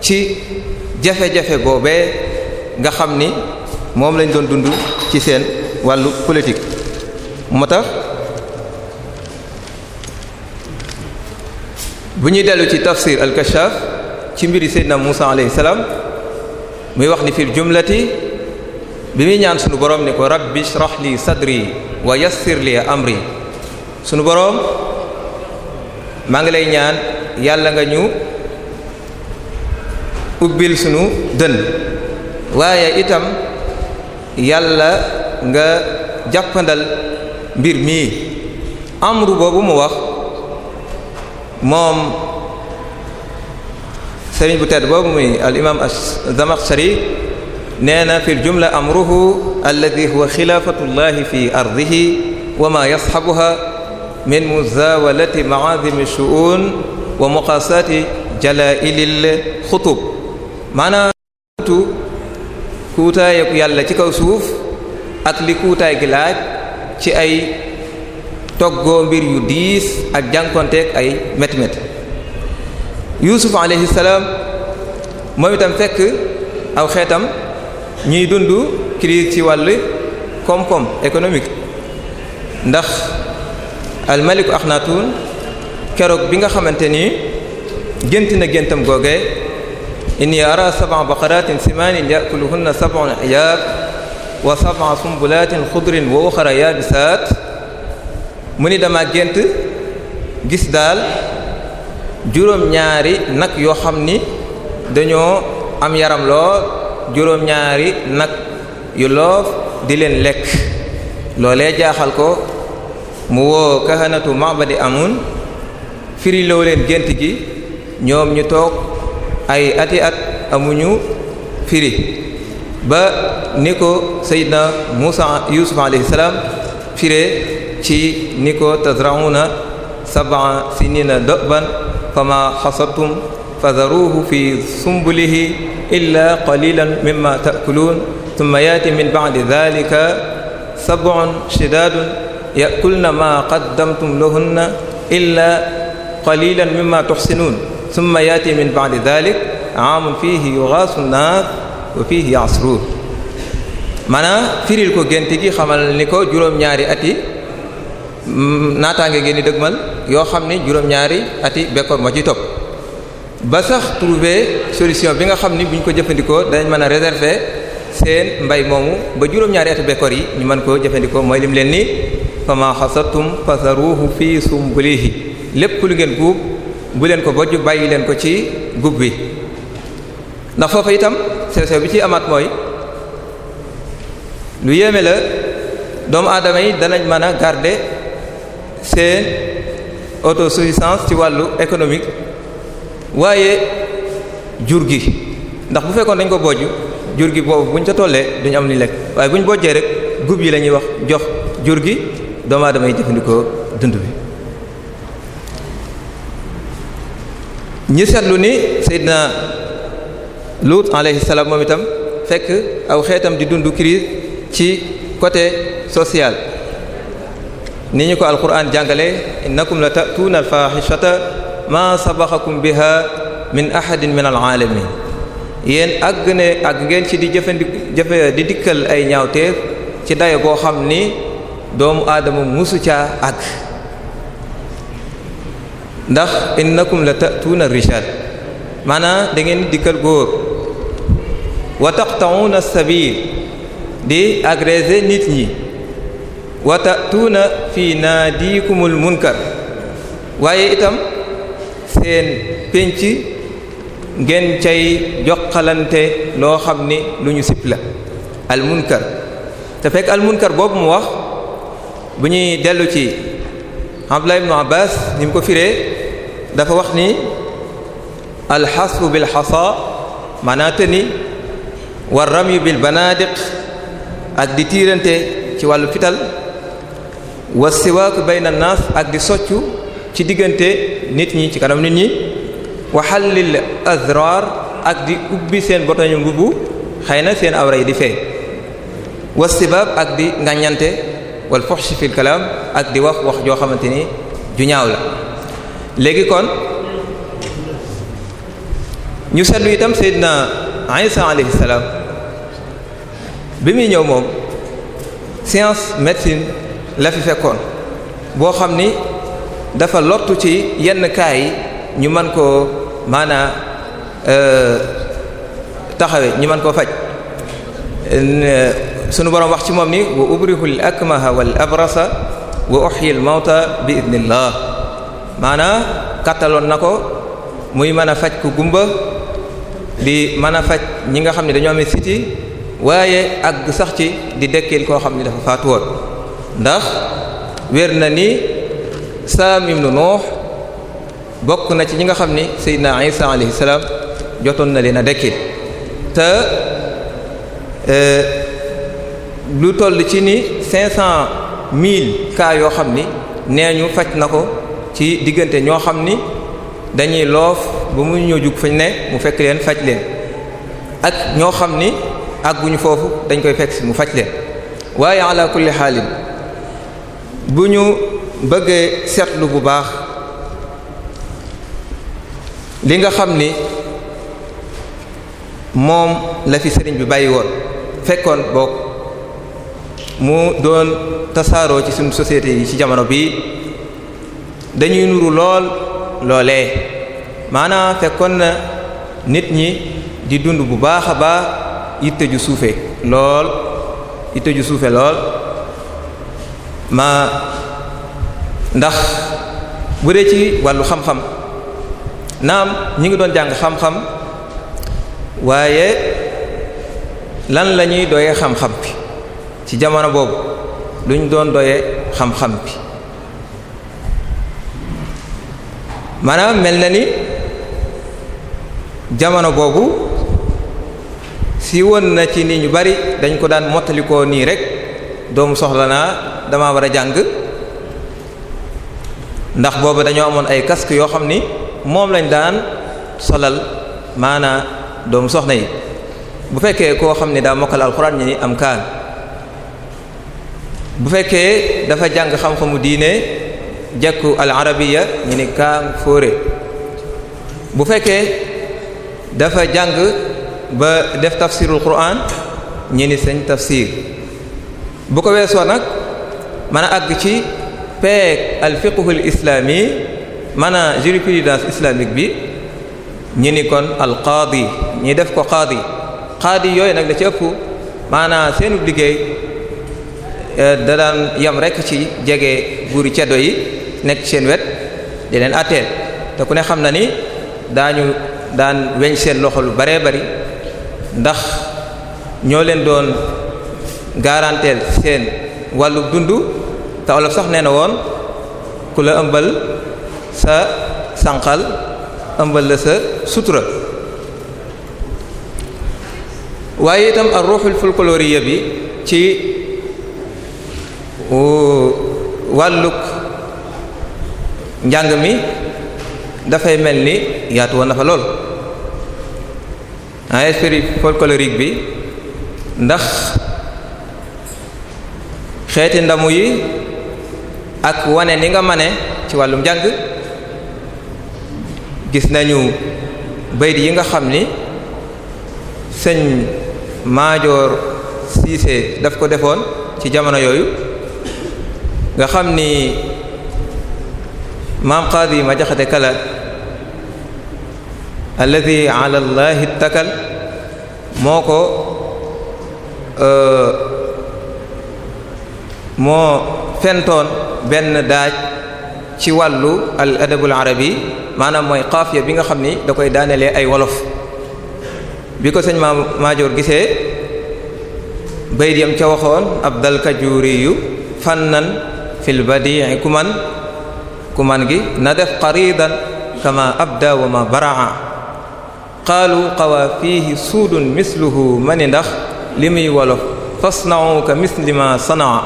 ci jafe-jafe boobee nga xam ni moom lañ doon dund ci seen wàllu politique moo tax bu ñuy dellu ci tafsir al-Kashaf ci mbir Seydina Musa alayhi salaam muy wax ni fil jumlati bi muy ñaan sunu boroom ne ko rabbi shrah li sadri wa yassir amri sunu boroom maa ngi lay ñaan yàlla nga ñu ubbil sunu dën waaye itam yàlla nga jàppandal mbir mii amru boobu mu wax moom sëriñ bu tedd boobu muy al imam az-Zamakhshari nee na fi jumla amruhu alladhi huwa xilaafatullahi fi ardihi wa ma yasxabuha min muzawalati ma'azimi shu'un wa muqasati jalaa'ilil xutub maanaam kuutu kuutaayu yàlla ci kaw suuf ak li kuutaay gi laaj ci ay toggoo mbir yu diis ak jànkonteeg ay métti métti yusuf alayhi salaam moom itam fekk aw xeetam ñuy dund crise ci wàll koom-koom économique ndax almaliku axnaatun keroog bi nga xamante ni gént na géntam googee inni ara sab'a baqaratin simaanin ya'kuluhunna sab'un iyaab wa sab'a sumbulatin xudrin wa uxra yaabisaat mu ni dama gént gis daal juróom-ñaari nag yoo xam ni dañoo am yaram lool juróom-ñaari nag yu loof di leen lekk loolee jaaxal ko mu woo kahanatu mabadi amun firi loo leen gént gi ñoom ñu toog ay ati at amuñu firi ba ni ko Seydina Musa Yusuf alayhi salaam firee ci ni ko tazrauna sab'a sinina doban fama xasattum fadaruuhu fi sumbulihi illa qalilan mimma taakuluun summa yaati min ba'di daalika sab'un shidaadun ya'kulna maa qaddamtum lahunna illa qalilan mimma tuhsinuun summa yaati min ba'di daalika aamun fiihi yughaasu nnaas wa fiihi ya'suruun maanaam firil ko gént gi xamal ni ko juróom-ñaari at yi naataange ngeen di dëgmal yoo xam ne juróom-ñaari ati bekkoor moo ciy topp ba sax trouver solution bi nga xam ni bu ñu ko jëfandikoo danañ mën a réserver seen mbay moomu ba juróom-ñaari ati bekkoor yi ñu mën koo jëfandikoo mooy lim leen ni fama xasatum fasaruhu fii sumbulihi lépp lu ngeen guub bu leen ko bojj bàyyi leen ko ci gub bi ndax foofa itam sew sew bi ci amaat mooy lu yéeme la doomu aadama yi danañ mën a garder seen autosuffisance ci wàllu économique waaye jur gi ndax bu fekkoon dañ ko bojj jur gi boobu buñ ca tollee duñu am li lekk waaye buñ bojjee rek gub yi la ñuy wax jox jur gi doomu aadama jëfandikoo dund bi ñi seetlu ni Seydina Lut alayhi salaam moom itam fekk aw xeetam di dund crise ci côté social ni ñu ko alquran jàngale innakum la ta'tuuna alfahishata ma sabaxakum biha min ahadin min alaalamin yéen àgg ne àgg ngeen ci di jëfandi jëfe di dikkal ay ñaawteef ci day boo xam ni doomu aadama musu caa àgg ndax innakum la ta'tuuna rijal maanaam da ngeen dikkal góor wa taqta'una sabil di agresser nit ñi wata ta'tuuna fi naadikumul munkar waaye itam seen pénc ngeen cay joxalante loo xam ni lu ñu sip la al munkar te fekk al munkar boobu mu wax bu ñuy dellu ci Abdullah ibn Abbas ni mu ko firee dafa wax ni al xasfu bil xasa maanaa tëni war ramyu bil banadiq ak di tiirante ci wàllu fital wa siwaaku naas ak di soccu ci diggante nit ñi ci kanam nit ñi wa xallil azraar ak di ubbi seen botañu mbubb xëy na seen awra yi di fee wa ak di ngaññante wal fuhsh kalaam ak di wax wax joo xamante ni ju ñaaw la léegi kon ñu seetlu itam Seydina Isa alayhi bi muy ñëw moom science médecine la fi fekkoon boo xam ni dafa lottu ci yenn kaay ñu man koo maanaa euh, taxawe ñu mën koo faj sunu boroom wax ci moom ni wa ubrihul akmaha wal abrasa wa uhyil mawta bi idnillah maanaa kattaloon na ko muy mën a faj ku gumba bi mën a faj ñi nga xam ne dañoo amee siti waaye ak sax ci di dekkil koo xam ne dafa faatuwoon ndax wér na ni saam ibnu nuux bokk na ci ñi nga xam ni seydina isa alayhi salaam jotoon na leen a dekki te e, lu toll ci ni cinq cent mille yoo xam ni nee ñu faj na ko ci diggante ñoo xam ni dañuy loof ba mu ñëw jug fañ ne mu fekk leen faj leen ak ñoo xam ni àgguñu foofu dañ koy fekk si mu faj leen waaye ala kulli bu ñu bëggee seetlu bu baax li nga xam ni moom la fi sëriñ bi bàyyi woon fekkoon bokk mu doon tasaaroo ci suñu société yi ci jamono bii dañuy nuru lool loolee maanaa fekkoon na nit ñi di dund bu baax a baax yitte ju suufe lool yitte ju suufe lool ma ndax bu dee ci wàllu xam-xam naam ñi ngi doon jàng xam-xam waaye lan la ñuy doyee xam-xam bi ci jamono boobu lu ñu doon doye xam-xam bi maanaam mel na ni jamono boobu si won na ci ni ñu bari dañ ko daan mottalikoo nii rek doomu soxla naa damaa war a jàng ndax booba dañoo amoon ay casque yoo xam ni moom lañ daan solal maanaa doomu soxna yi bu fekkee koo xam ni daa mokkal alxuraan ñi ni am kaan bu fekkee dafa jàng xam-xamu diine jekku al arabiya ñi ni kaan fóore bu fekkee dafa jàng ba def tafsirul quran ñi ni seen tafsir bu ko weesoo nag mën a àgg ci peeg al fiqhul islami mën a jurisprudence islamique bi ñu ni kon al qaadi ñi def ko qaadi qaadi yooyu nag da ci ëpp maanaa seenu liggéey eh, da daan yam rek ci jege buur ceddo yi nekk seen wet di leen atteel te ku ne xam na ni daañu daan weñ seen loxo lu baree bari ndax ñoo leen doon garanteel seen wàllu dund te olof sax nee na woon ku la ëmbal sa sànqal ëmbal la sa sutura waaye itam ak ruuxul folkloriya bi ci wàlluk njàng mi dafay mel ni yaatu woon na lool en esprit bi ndax xeeti ndamu yi ak wane ni nga mane ci wàllum jàng gis nañu bayit yi nga xam ni sëñ maajoor siise daf ko defoon ci jamono yooyu nga xam ni maam qaadi ma jaxate kala alladi ala moo ko euh, moo fentoon benn daaj ci wàllu al adabul arabi maanaam mooy xaafiya bi nga xam ni da koy daanelee ay wolof bi ko sëñ ma maajoor gisee bay yam ca waxoon ab dalka juuri yu fannan fil badii kuman kuman gi na def qaridan kama abda wa ma baraa qaalu qawaafihi suudun misluhu mani ndax li muy wolof fasna'u ka misli ma sanaa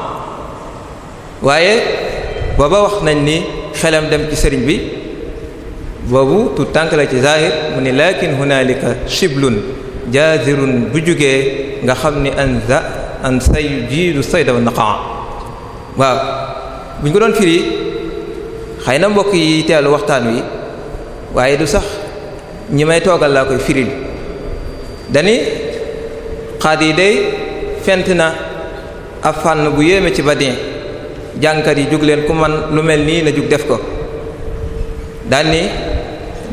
waaye booba wax nañ ni xelam dem ci sëriñ bi boobu tu tànk ci zahir mu ni lakin hunalika shiblun jaazirun bu jógee nga xam ni an za an say jiidu sayda wa naqaa waaw buñ doon firi xëy na mbokk yi teelu waxtaan wi waaye du sax ñi may toogal laa koy firil dani xaat yi day fent na ab fànn bu yéeme ci badin jàngkat yi jóg leen ku man lu mel nii na jóg def ko daal ni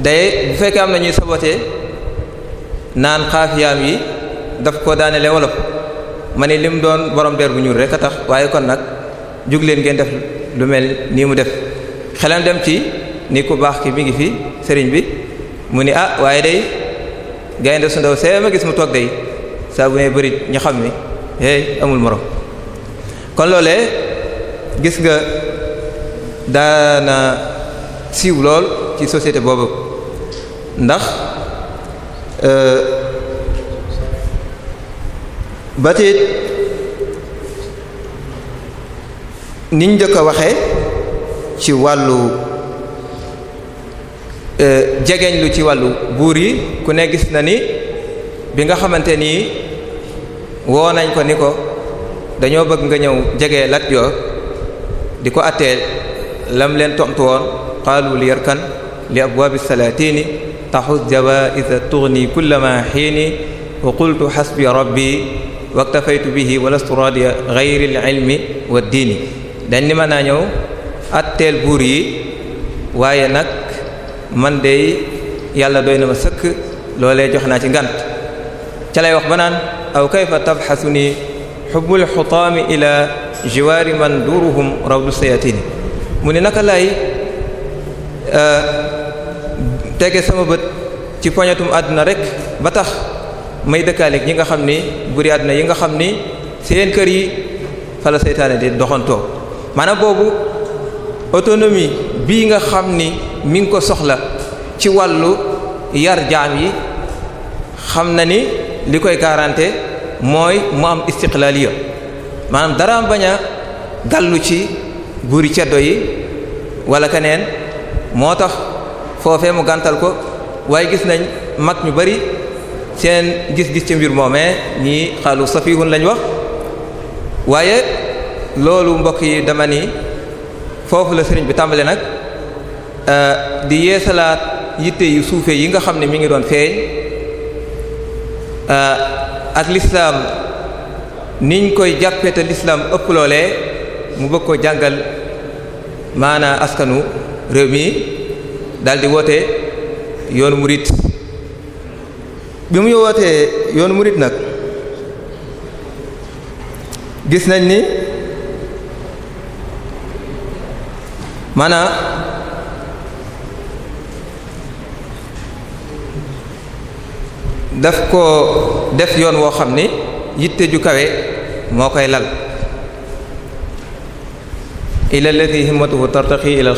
day bu fekkee am na ñuy sabote naan xaafiyaam yi daf ko daanele wolof ma ne lim doon borom der bu ñuul rek a tax waaye kon nag jóg leen ngeen def lu mel nii mu def xelam dem ci ni ku baax ki mi ngi fi sëriñ bi mu ni ah waaye day gaynde su ndaw see ma gis mu toog day saa bu ne bëri ñu xam mi hey amul morom kon loolee gis nga daana siiw lool ci société boobu ndax euh, ba tey niñ njëkk a waxee ci wàllu euh, jegeñlu ci wàllu buur yi ku ne gis na ni bi nga xamante nii woo nañ ko ni ko dañoo bëgg nga ñëw jege Lat Joor di ko attee lam leen tontu woon qaalu li yarkan li abwaabi salaatini taxus jawaa'iza tughni kullama hiini wa qultu hasbiya rabbi waktafaytu bihi wa lastu radiya ghayril ilmi wad diini dañ ni mën naa ñëw atteel buur yi waaye nag man de yàlla doy na ma sëkk loolee jox naa ci ngant ca lay wax ba aw kayfa tabxasu ni xubbul xutaami jiwaari man duuruhum rawdu sayatini mu ne naka lay tege sama bët ci poñetum àdduna rek ba tax may dëkkaaleeg ñi nga xam ni buri àdduna yi nga xam ni seen kër yi fala seytaane di doxantoo maanaam boobu autonomie bii nga xam ni mi ngi ko soxla ci wàllu yar jaam yi xam na ni li koy garanté mooy mu am istiqlaaliya maanaam dara bañ a gàllu ci buuri ceddo yi wala keneen moo tax foofe mu gàntal ko waaye gis nañ mag ñu bari seen gis-gis ci mbir moomee ñii xaalu safihun lañ wax waaye loolu mbokk yi dama ni foofu la sëriñ bi tàmbali nag eh, di yeesalaat yitte yu suufee yi nga xam ne mu ngi doon feeñ eh, ak lislaam niñ koy jàppee te lislaam ëpp loolee mu bëgg ko jàngal maanaa askanu réew mi daldi woote yoon murit bi muy wootee yoonu murit nag gis nañ ni manaa daf ko def yoon woo xam ni yitte ju kawe moo koy lal ila alladi himmatuhu tartaqi ila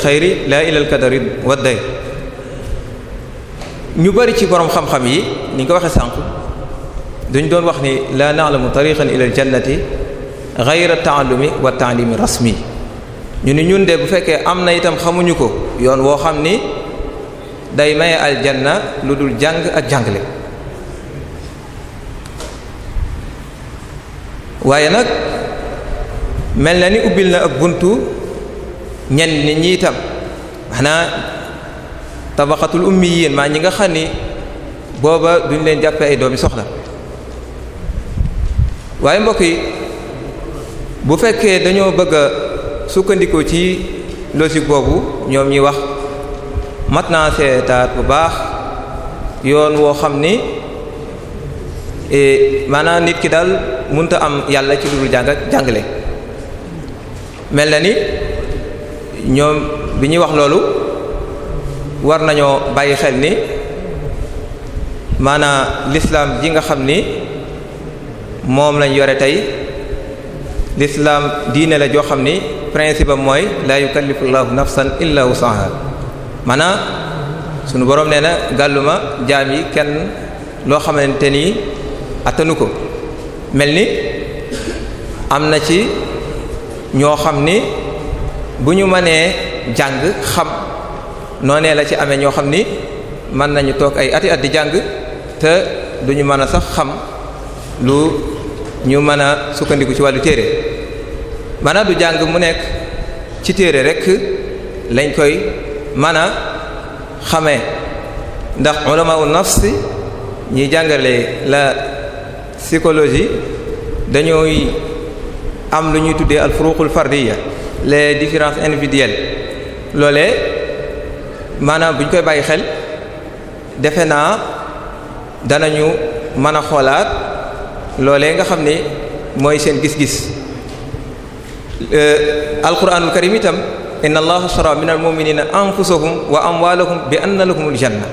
kadari wa ñu bari ci boroom xam-xam yi ni nga ko waxee sànq duñ doon wax ni laa na'lamu tariqan ila al jannati ghayra ta'allumi wa ta'limi rasmi ñu ni ñun de bu fekkee am na itam xamuñu ko yoon woo xam ni day maye aljanna lu dul jàng ak jàngale waaye nag mel na ni ubbil na ak buntu ñenn nit ñi itam maanaa tabaqatul ummiyin maa ñi nga xam ni booba duñ leen jàppe ay doomi soxla waaye mbokk yi bu fekkee dañoo bëgg a sukkandikoo ci logique boobu ñoom ñi wax mat naa seetaat bu baax yoon woo xam ni eh, maanaam nit ki daal mënta am yàlla ci lu dul jàng ak jàngale mel na ni ñoom bi ñuy wax loolu war nañoo bàyyi xel ni maanaa l'islam ji nga xam ni moom lañ yore tey l'islam diine la joo xam ni principe am mooy la yukallifullahu nafsan illa wusaha maanaa sunu boroom nee na gàlluma jaam yi kenn loo xamante ni attanu ko mel ni am na ci ñoo xam ni bu ñu mënee jàng xam noonee la ci amee ñoo xam ni mën nañu toog ay ati at di jàng te duñu mën a sax xam lu ñu mën a sukkandiku ci wàllu téere maanaam du jàng mu nekk ci téere rek lañ koy mën a xamee ndax ulamaul nafs ñi jàngale la psychologie dañooy am lu ñuy tuddee al furuqul fardiya les différences individuelles loolee maanaam bu ñu koy bàyyi xel defe naa danañu mën a xoolaat loole nga xam ni mooy seen gis-gis euh, alquranul karim itam inna allaha ashtara minal mu'minina anfusahum wa amwalahum bi anna lahumul janna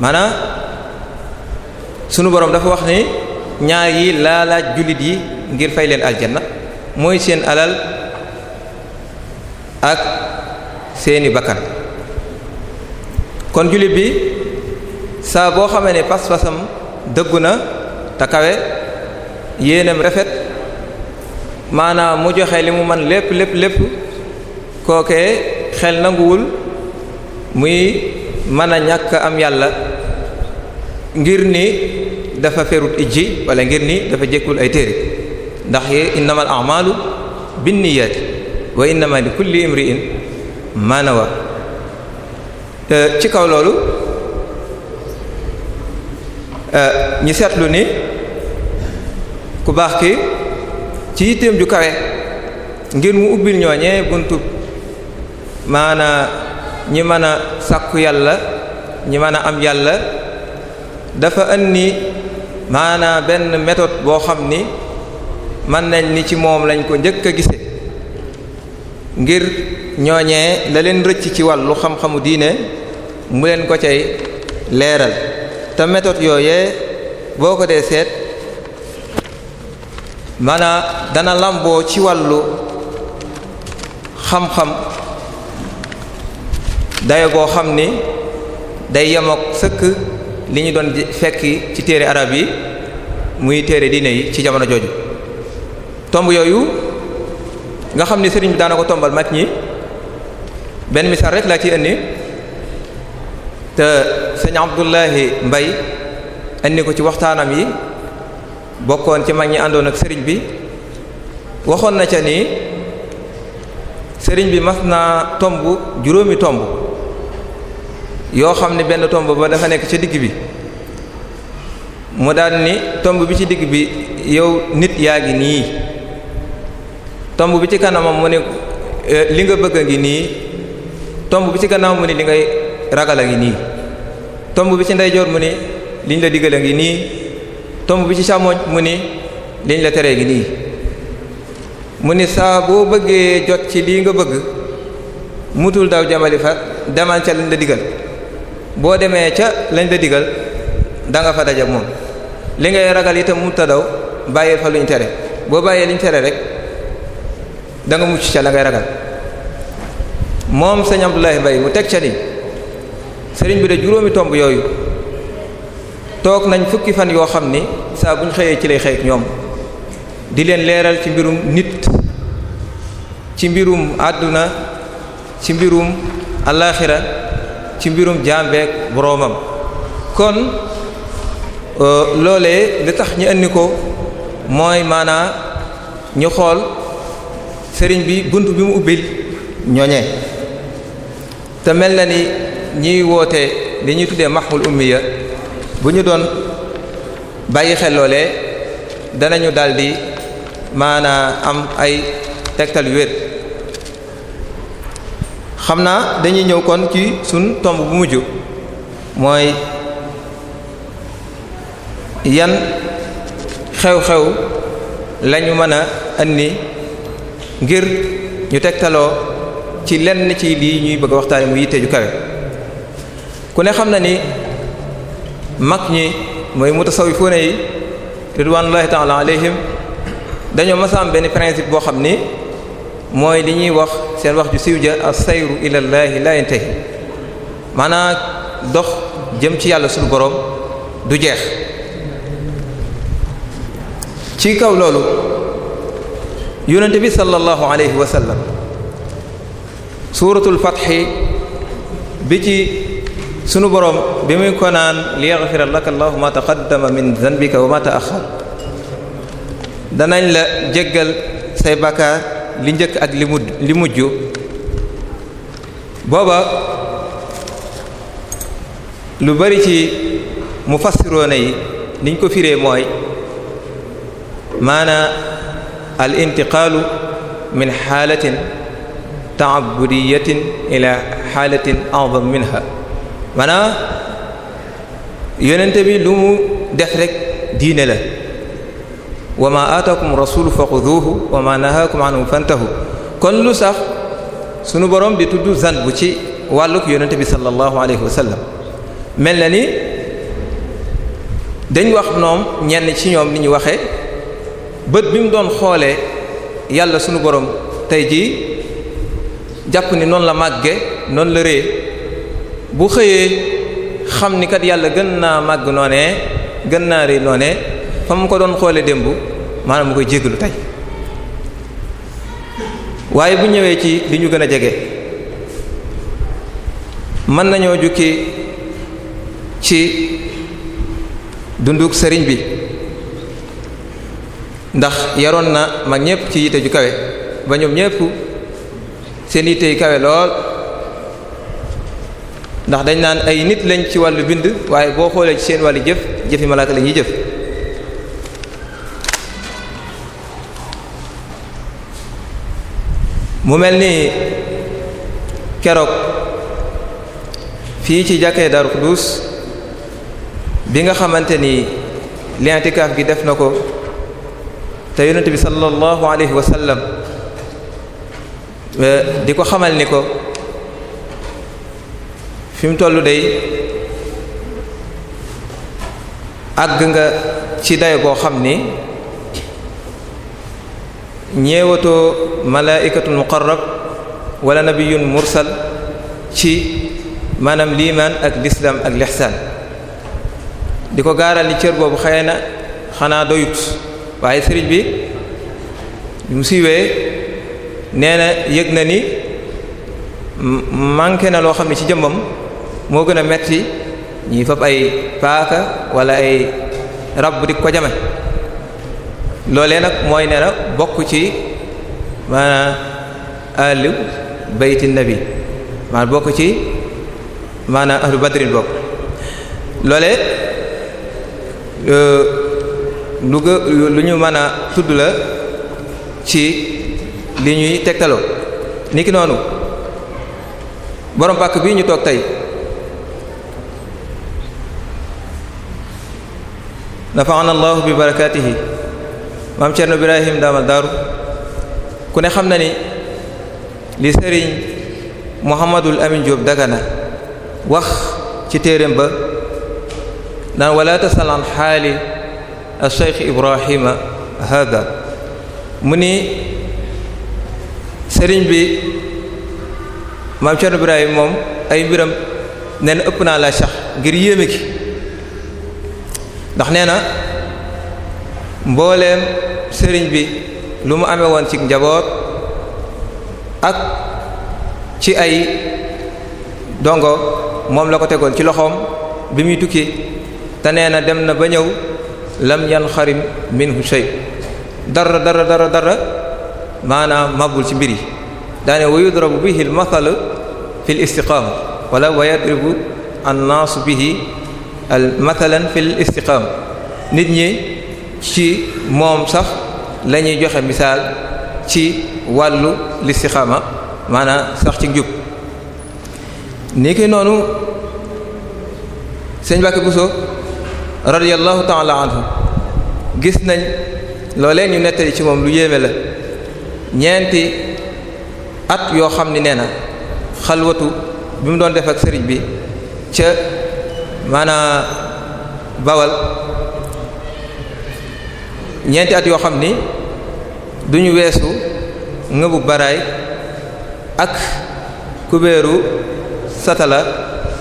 maanaam sunu boroom dafa wax ni ñaar yi laa laaj jullit yi ngir fay leen aljanna mooy seen alal ak seeni bakkan kon jullit bi saa boo xamee ne pas-pasam dëggu na te kawe yéenem rafet maanaam mu joxe li mu man lépp lépp lépp kooke xel nanguwul muy mën a ñàkk am yàlla ngir ni dafa ferut ijji wala ngir ni dafa jekkul ay téere ndax ye innamal a'malu binniyati wa innama li kulli imri'in ma nawa ci kaw loolu e, ñu seetlu ni ku baax ki ci yitteem ju kawe ngir mu ubbil ñooñee buntub maana ñi mën a sàkku yàlla ñi mën a am yàlla dafa indi maanaa benn méthode boo xam ni mën nañ ni ci moom lañ ko njëkk a gise ngir ñooñee la leen rëcc ci wàllu xam-xamu diine mu leen ko cay leeral te méthode yooyee boo ko dee seet maanaa dana lamboo ci wàllu xam-xam dayo goo xam ni day yemook sëkk li ñu doon fekki ci téere arab yi muy téere diine yi ci jamono jooju tomb yooyu nga xam ni sëriñ bi daana ko tombal mag ñi benn misaal rek laa ci indi te sëñ Abdullahi Mbay indi ko ci waxtaanam yi bokkoon ci mag ñi àndoon ak sëriñ bi waxoon na ca ni sëriñ bi mas naa tomb juróomi tomb yoo xam ne benn tomb ba dafa nekk ca digg bi mu daal ni tomb bi ci digg bi yow nit yaa ngi nii tomb bi ci kanamam mu ne e, li nga bëgg a ngi nii tomb bi ci gannaaw mu ne li ngay ragal ngi nii tomb bi ci ndeyjoor mu ne liñ la diggal a ngi nii tomb bi ci càmmoñ mu ne liñ la tere ngi nii mu ni saa boo bëggee jot ci lii nga bëgg mutul daw jamali fa demal ca lañ la diggal boo demee ca lañ la digal da fa daje moom li ngay ragal itam mu tadaw bàyyil fa luñ tere boo bàyyee liñ tere rek danga nga mucc ca la ngay ragal moom sëñ Abdoulaye Mbaye mu teg ca ni sëriñ bi de juróomi tomb yooyu toog nañ fukki fan yoo xam ni saa buñ xëyee ci lay xëy ñoom di leen leeral ci mbirum nit ci mbirum àdduna ci mbirum alaaxira ci mbirum jaambeek boroomam kon euh, loole li tax ñu indi ko mooy maanaa ñu xool sëriñ bi bunt bi mu ubbil ñooñee te mel na ni ñiy woote li ñuy tuddee mahmul ummiya bu ñu doon bàyyi xel loolee danañu daldi maanaa am ay tegtal wér xam naa dañuy ñëw kon ci suñ tomb bu mujj mooy yan xew-xew lañu mën a indi ngir ñu tegtaloo ci lenn ci lii ñuy bëgg waxtaani mu yitte ju kawe ku ne xam na ni mag ñi mooy mutasawwifuna yi ridwanullahi ta'ala alayhim dañoo am benn principe boo xam ni mooy li ñuy wax seen wax ju siiw ja as-sayru ilallaahi laa yantahi maanaam dox jëm ci yàlla suñu boroom du jeex ci kaw loolu yonent bi sallallahu alayhi wa sallam suuratul fatxi bi ci sunu boroom bi muy ko naan li yaghfira laka allahu ma taqaddama min zanbika wa ma ta'akhkhar danañ la jéggal say bakkaar li njëkk ak li mu li mujj booba lu bari ci mufassiroona yi niñ ko firee mooy maana al intiqaalu min xaalatin taabudiyatin ila xaalatin a'zam minha maana yonente bi lu mu def rek diine la wa ma aatakum rasulu fa xuduhu wa ma nahakum anhu fantahu kon lu sax sunu borom di tudd zan bu ci wàlluk yonente bi sallallahu alayhi wa sallam mel na ni dañ wax noom ñenn ci ñoom ni ñu waxee bët bi mu doon xoolee yàlla sunu borom tey jii jàpp ni noonu la màgge noonu la rëy bu xëyee xam ni kat yàlla gën naa màgg noonee gën naa rëy noonee fa mu ko doon xoole démb maanaam mu koy jéggalu tey waaye bu ñëwee ci li ñu gën a jege mën nañoo jukki ci dunduk sëriñ bi ndax yaroon na mag ñépp ci yite ju kawe ba ñoom ñépp seen yite kawe lool ndax dañ naan ay nit lañ ci wàllu bind waaye boo xoolee ci seen wàllu jëf jëfi malaaka lañuy jëf mu mel ni keroog fii ci jàkkee Daaru Xuddus bi nga xamante ni lintikaaf gi def na ko te yonent bi sallallahu alayhi wa eh, di ko xamal ni ko fi mu tollu day àgg nga ci day boo xam ni ñeewatoo malaikatul muqarrab wala nabiyun mursal ci maanaam liimaan ak lislaam ak lixsaan di ko gaaral ni cër boobu xëy na xanaa doyut waaye sëriñ bi mu siiwee nee na yëg na ni manqué na loo xam ne ci jëmmam moo gën a metti ñi fab ay paaka walla ay rab di ko jame loolee nag mooy nee na bokk ci maanaam ahlu bayti nabi maanaam bokk ci maanaam ahlu badrin bokk loolee euh, lu gë lu ñu mën a tudd la ci li ñuy tegtaloo niki noonu borom pàkk bi ñu toog tey nafa'ana Allahu bi barakatihi maam Cerno Ibrahim daamal daaru ku ne xam na ni li sëriñ Muhammadul Amin Diop Dagana wax ci téereem ba naan wala tasal an xaali acheikh Ibrahima hada mu ni sëriñ bi maam Cerno Ibrahim moom ay mbiram nee na ëpp naa la sax ngir yéeme ki ndax nee na mbooleem sëriñ bi lu mu amee woon ci njaboot ak ci ay dongo moom la ko tegoon ci loxoom bi muy tukki te nee na dem na ba ñëw lam yan xarim minhu shay dara dara dara dara maanaam mabul ci mbir yi daane wa yudrabu bihi al mathal fi l istiqama wala wa yadribu al mathalan fi l nit ñi ci moom sax la ñuy joxe misaal ci wàllu listixaama maanaam sax ci njub ni ki noonu sëñ Bakki Bousso radiyallahu ta'ala anhu gis nañ loolee ñu nettali ci moom lu yéeme la ñeenti at yoo xam ni nee na xalwatu bi mu doon def ak sëriñ bi ca maanaam bawal ñeenti at yoo xam ni du ñu weesu ngëbu baraay ak kubéeru satala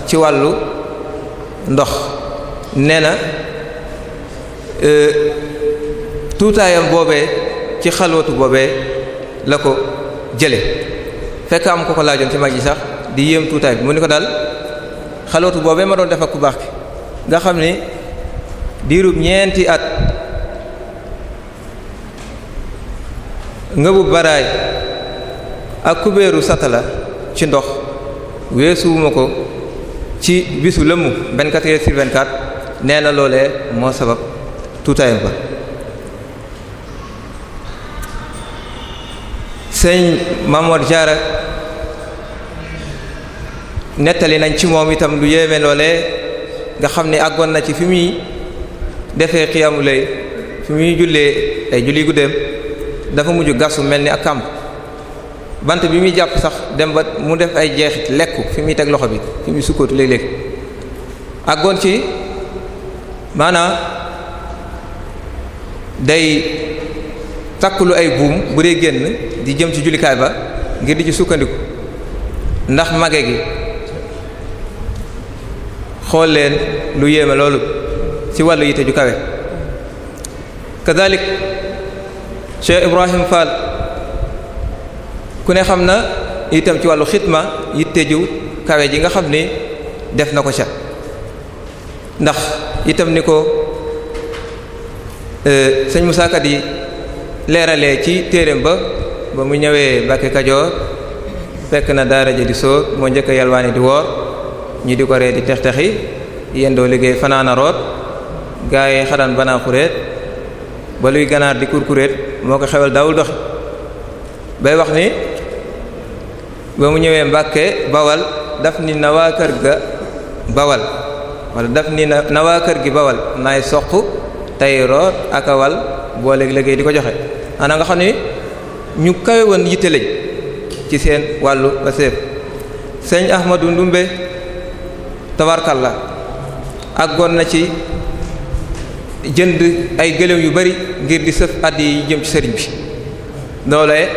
ci wàllu ndox nee na euh, tuutaayam boobee ci xalwatu boobee la ko jële fekk am ko ko laajoon ci mag yi sax di yéem tuutaay bi mu ni ko daal xalwatu boobee ma doon def ku baax ki nga xam ni diirub ñeenti at ngëbu baraay ak kubéeru satala ci ndox weesuwuma ko ci bisu lëmm 24 heures sur nee na loolee moo sabab tuutaayam ba sëñ Mamour Diarra nettali nañ ci moom itam lu yéeme loolee nga xam ne àggoon na ci fi muy defee xiyaamu lay fi muy jullee ay julli guddeem dafa mujj gasu mel ni ak kàmb bant bi muy jàpp sax dem ba mu def ay jeex lekku fi muy teg loxo bi fi muy sukkootu léeg-léeg àggoon ci maanaam day takkulu ay buum bu dee génn di jëm ci jullikaay ba ngir di ci sukkandiku ndax mage gi xool leen lu yéeme loolu ci wàllu yite ju kawe kazalik Cheikh Ibrahim Fall ku ne xam na itam ci wàllu xitma yitte ju kawe ji nga xam ni def na ko ca ndax itam ni ko e, sëñ musaakat yi leerale ci téereem ba ba mu ñëwee Mbàkke Kajoor fekk na daara ja di sóor moo njëkk yalwaani di woor ñi di ko ree di tex texi yendoo liggéey fanaana root gaa yi xadan banaa xureet ba luy ganaar di kurkureet moo ko xewal daawul dox bay wax ni ba mu ñëwee Mbàkke bawal daf ni na waa kër ga bawal wala daf ni na waa kër gi bawal nay soq tey root akawal boo léegi léegi di ko joxe ana nga xam ni ñu kawe woon yitte lañ ci seen wàllu ba seef sëñ Ahmadu Ndumbe tabarkalla àggoon na ci jënd ay gëléem yu bari ngir di sëf àddi yi jëm ci sëriñ bi loolee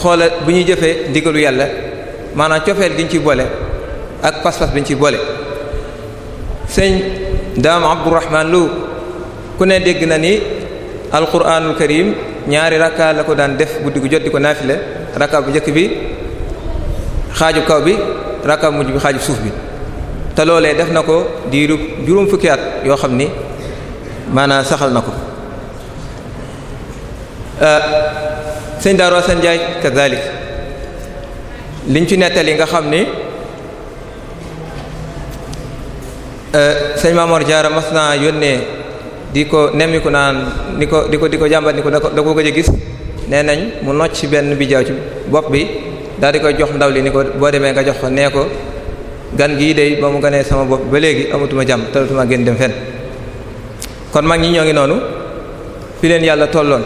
xoola bu ñuy jëfee ndigalu yàlla maanaam cofeel gi ñu ci boole ak pas-pas bi ñu ci boole sëñ daam abdourahman lu ku ne dégg na ni alquranul karim ñaari rakka la ko daan def guddi gu jot di ko naafile rakka bu njëkk bi xaaju kaw bi rakka bu mujj bi xaajub suuf bi te loolee def na ko diiru juróom fukki at yoo xam ni maanaam saxal na ko euh, sëñ Daaru Asan Njaay kazalik liñ ci nettali nga xam ni euh, sëñ Maamoor Jaara mas naa yónnee di ko nemmiku naan ni ko di ko di ko jàmbat ni ko da ko da ko gëj a gis nee nañ mu nocc benn bijaaw ci bopp bi daal di koy jox ndaw li ni ko boo demee nga jox ko nee ko gan gii dey ba mu ganee sama bopp ba léegi amatuma jàmm talatuma génn dem fenn kon mag ñi ñoo ngi noonu fi leen yàlla tolloon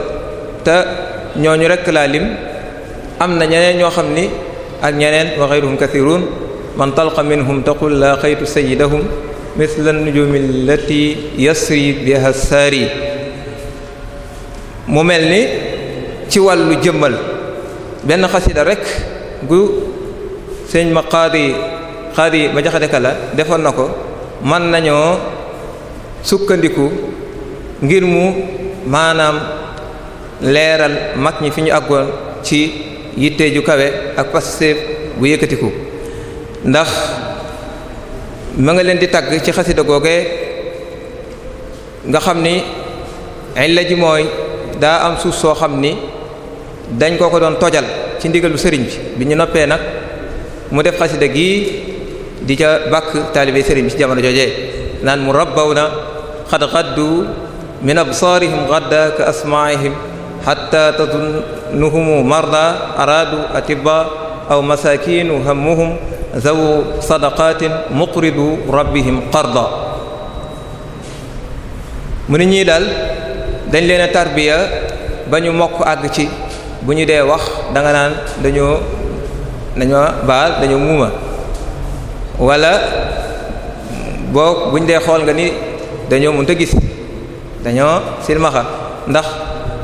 te ñooñu rek laa lim am na ñeneen ñoo xam ni ak ñeneen wa xeyruhum kathirun man talqa minhum taqul la xaytu sayidahum mithla nujumi lati yasri biha saari mu mel ni ci wàllu jëmmal benn xasida rekk gu sëñ ma xaadi xaadi ma jaxadeka la defoon na ko mën nañoo sukkandiku ngir mu maanaam leeral mag ñi fi ñu àggoon ci yitte ju kawe ak pastéef bu yëkkatiku ndax ma nga leen di tagg ci xasida googee nga xam ni ay ji daa am suuf soo xam ni dañ koo ko doon tojal ci ndigalu sëriñ bi bi ñu noppee nag mu def xasida gii di ca bàkk taalibe sëriñ bi ci jamono joojee naan mu rabbaw na xad xaddu min absaarihim gadda ka asmaa'ihim xatta tazunnuhumu marda araadu atibba aw masaakiinu hammuhum zawu sadaqaatin muqridu rabbihim qarda mu ni ñii daal dañ leen a tarbiya ba ñu mokk àgg ci bu ñu dee wax danga naan dañoo dañoo baal dañoo muuma wala boo bu ñu dee xool nga ni dañoo mënut a gis dañoo silmaxa ndax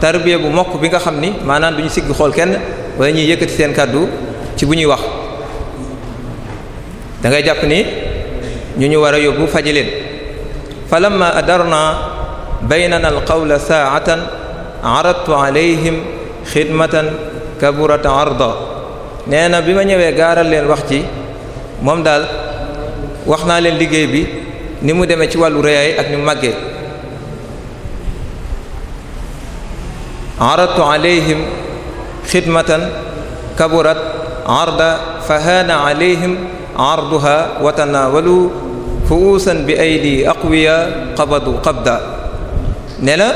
tarbiya bu mokk bi nga xam ni maanaam duñu sigg xool kenn wala ñuy yëkkati seen kàddu ci bu ñuy wax dangay jàpp ni ñu ñu war a yóbbu faji leen fa lamma adarna baynana alqawla saatan aradtu alayhim xidmatan kaburat arda nee na bi ma ñëwee gaaral leen wax ci moom daal wax naa leen liggéey bi ni mu demee ci wàllu réyaay ak ni mu màggee aradtu alayhim xidmatan kaburat arda fa haana alayhim arduha wa tanaawalu fuusan bi aydi aqwiya qabadu qabda ne na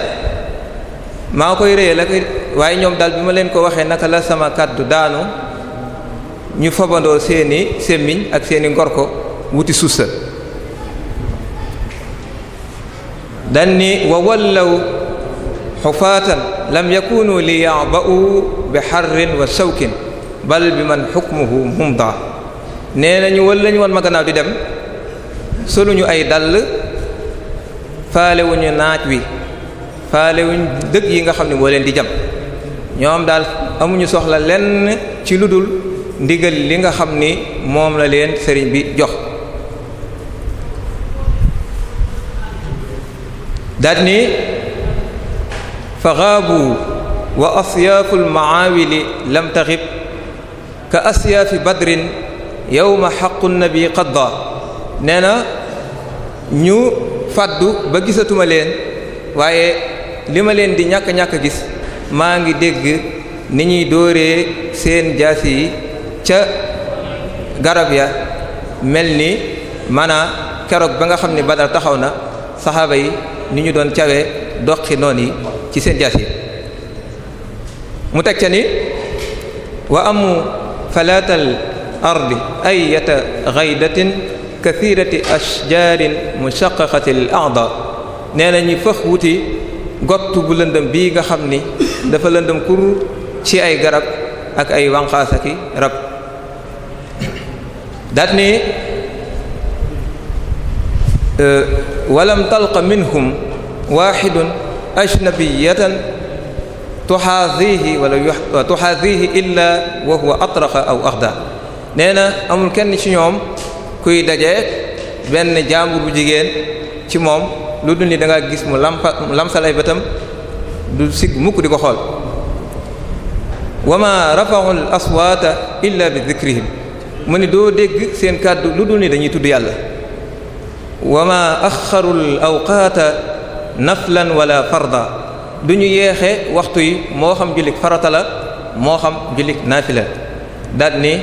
maa koy réyal ak waaye ñoom daal bi ma leen ko waxee naka la sama kàddu daanu ñu fabandoo seeni semmiñ ak seeni ngorko ko wuti suusa danni wa wallaw xufaatan lam yakunu li ya'ba'u bi xarrin wa sawkin bal bi man xukmuhu mumda nee nañu wal lañu woon ma di dem soluñu ay dàll faalewuñu naaj wi faalewuñu dëkk yi nga xam ne moo leen di jam ñoom daal amuñu soxla lenn ci lu dul ndigal li nga xam ni moom la leen sëriñ bi jox daat ni fa xaabu wa asyaaful maawili lam taxib ka asyaafi badrin yowma xaqu nabi qadda nee na ñu fàddu ba gisatuma leen waaye li ma leen di ñàkk-ñàkk gis maa ngi dégg ni ñuy dóoree seen jaasi yi ca garab ya mel ni maanaa keroog ba nga xam ni Badar taxaw na saxaaba yi ni ñu doon cawee doqi noon yi ci seen jaas mu teg ca ni wa amu falaatal ardi ayata gaydatin kathirati ashjarin mushaqaqatil a'da nee na ñu fëx wuti gott bu lëndëm bii nga xam ni dafa lëndëm kur ci ay garab ak ay wanqaasaki rab daat ni walam talqa minhum waxidun ajnabiyatan tuxaadihi wala tuxaadihi illa wa huwa atraqa aw axda nee na amul kenn ci ñoom kuy daje benn jàmbur bu jigéen ci moom lu dul ni da gis mu lampa lamsalay bëtam du sig mukk di ko xool wama rafa'u al aswaata bi dhikrihim mu doo dégg seen kàddu lu dul ni dañuy tudd yàlla wa ma axarul awqaata naflan wala farda du ñu yeexe waxtu yi moo xam jullik farata la moo xam jullik ni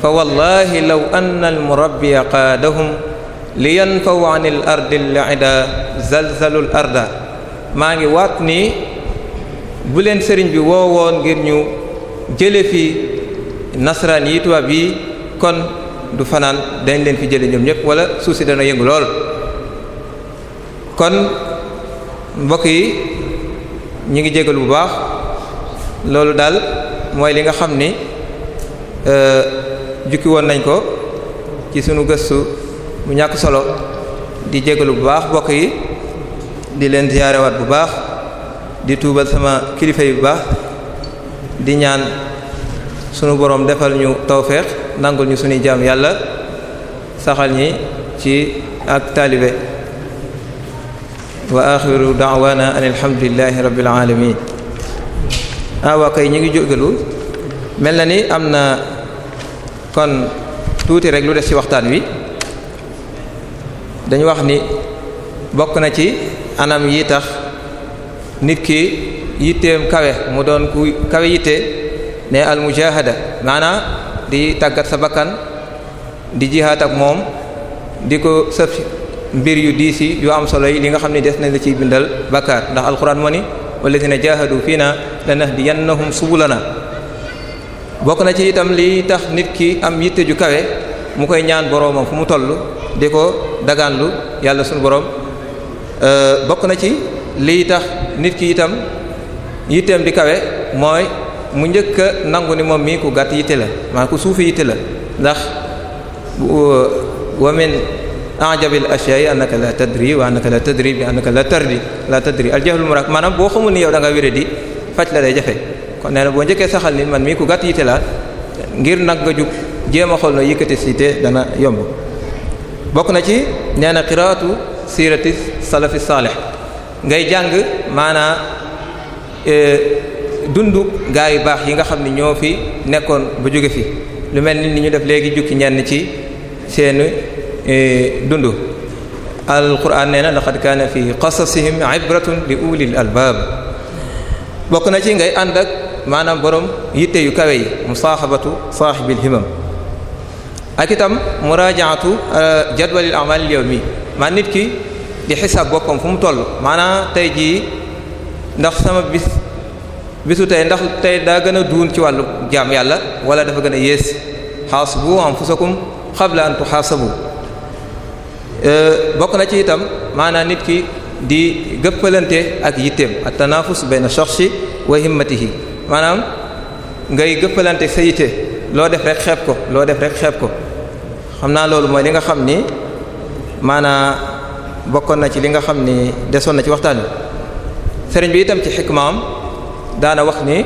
fa wallahi law anna almurabbiya qaadahum li an il ardi lida zalzalul arda maa ngi waat ni bu leen sëriñ bi woowoon ngir ñu jële fi nasraan yi tubaab kon du fanaan dañ leen fi jëlee ñoom ñëpp wala suuf dana yëngu lool kon mbokk yi ñu ngi jégal bu baax loolu daal mooy li nga xam ni euh, jukki woon nañ ko ci sunu gëstu bu ñàkk solo di jégalu bu baax mbokk yi di leen ziyaarewaat bu baax di tuubal sama kilifa yi bu baax di ñaan sunu boroom defal ñu tawfeex nangul ñu suñuy jaam yàlla saxal ñi ci ak taalibe wa axiru daawana an alhamdulilahi rabbil alamin awaa ah, kay ñu ngi jógalu mel na ni am na kon tuuti rek lu def ci waxtaan wi dañu wax ni bokk na ci anam yi tax nit ki yitteem kawe mu doon ku kawe yitte ne al mujahada maanaa di tàggat sa bakkan di jihaat ak moom di ko sëf mbir yu diis yi yu am solo yi li nga xam ne des nañ la ciy bindal bakkaar ndax alxuraan moo ni walladina jahadu subu lanahdiyannahum na bokk na ci itam li tax nit ki am yitte ju kawe mu koy ñaan boroomam fu mu toll di ko dagandu yàlla suñu borom euh, bokk na ci lii tax nit ki itam yitteem di kawe mooy mu njëkk a nangu ni moom mii ku gàtt yitte la maa ku suufi yitte la ndax wa min ajabil ashya'i annaka la tadri wa annaka la tadri bi annaka la tardi la tadri al jahlul murak maanaam boo xamul ni yow da nga wéré di faj la day jafe kon nee boo njëkkee saxal ni man mii ku gàtt yitte laa ngir nag nga jub jéem a xool yëkkati siite dana yomb bokk na ci nee na qiraatu salafi salih ngay jàng maanaa eh, dundu gaa yu baax yi nga xam ne ñoo fi nekkoon ba jóge fi lu mel ni ni ñu def léegi jukki ñenn ci seen e, dundu alquran nee na laqad kaana fi qasasihim ibratun li ulil albaab bokk na ci ngay ànd ak maanaam borom yitte yu kawe yi musaaxabatu saaxibil himam ak itam muraajaatu e, jadwalil amal yawmi maa nit ki di xisaab boppam fu mu toll maanaam tey jii ndax sama bis bisu tey ndax tey daa gën a duun ci wàllu jaam yàlla wala dafa gën a yées bu xaasibu anfusakum qabla an tuhasabu euh, bokk na ci itam maanaa nit ki di gëppalante ak yitteem at benn bayna shakhsi wa himmatihi maanaam ngay gëppalante sa yitte loo def rek xeeb ko loo def rek xeeb ko xam naa loolu mooy li nga xam ni maanaa bokkoon na ci li nga xam ni desoon na ci waxtaan wi sëriñ bi itam ci xikmaam daana wax ni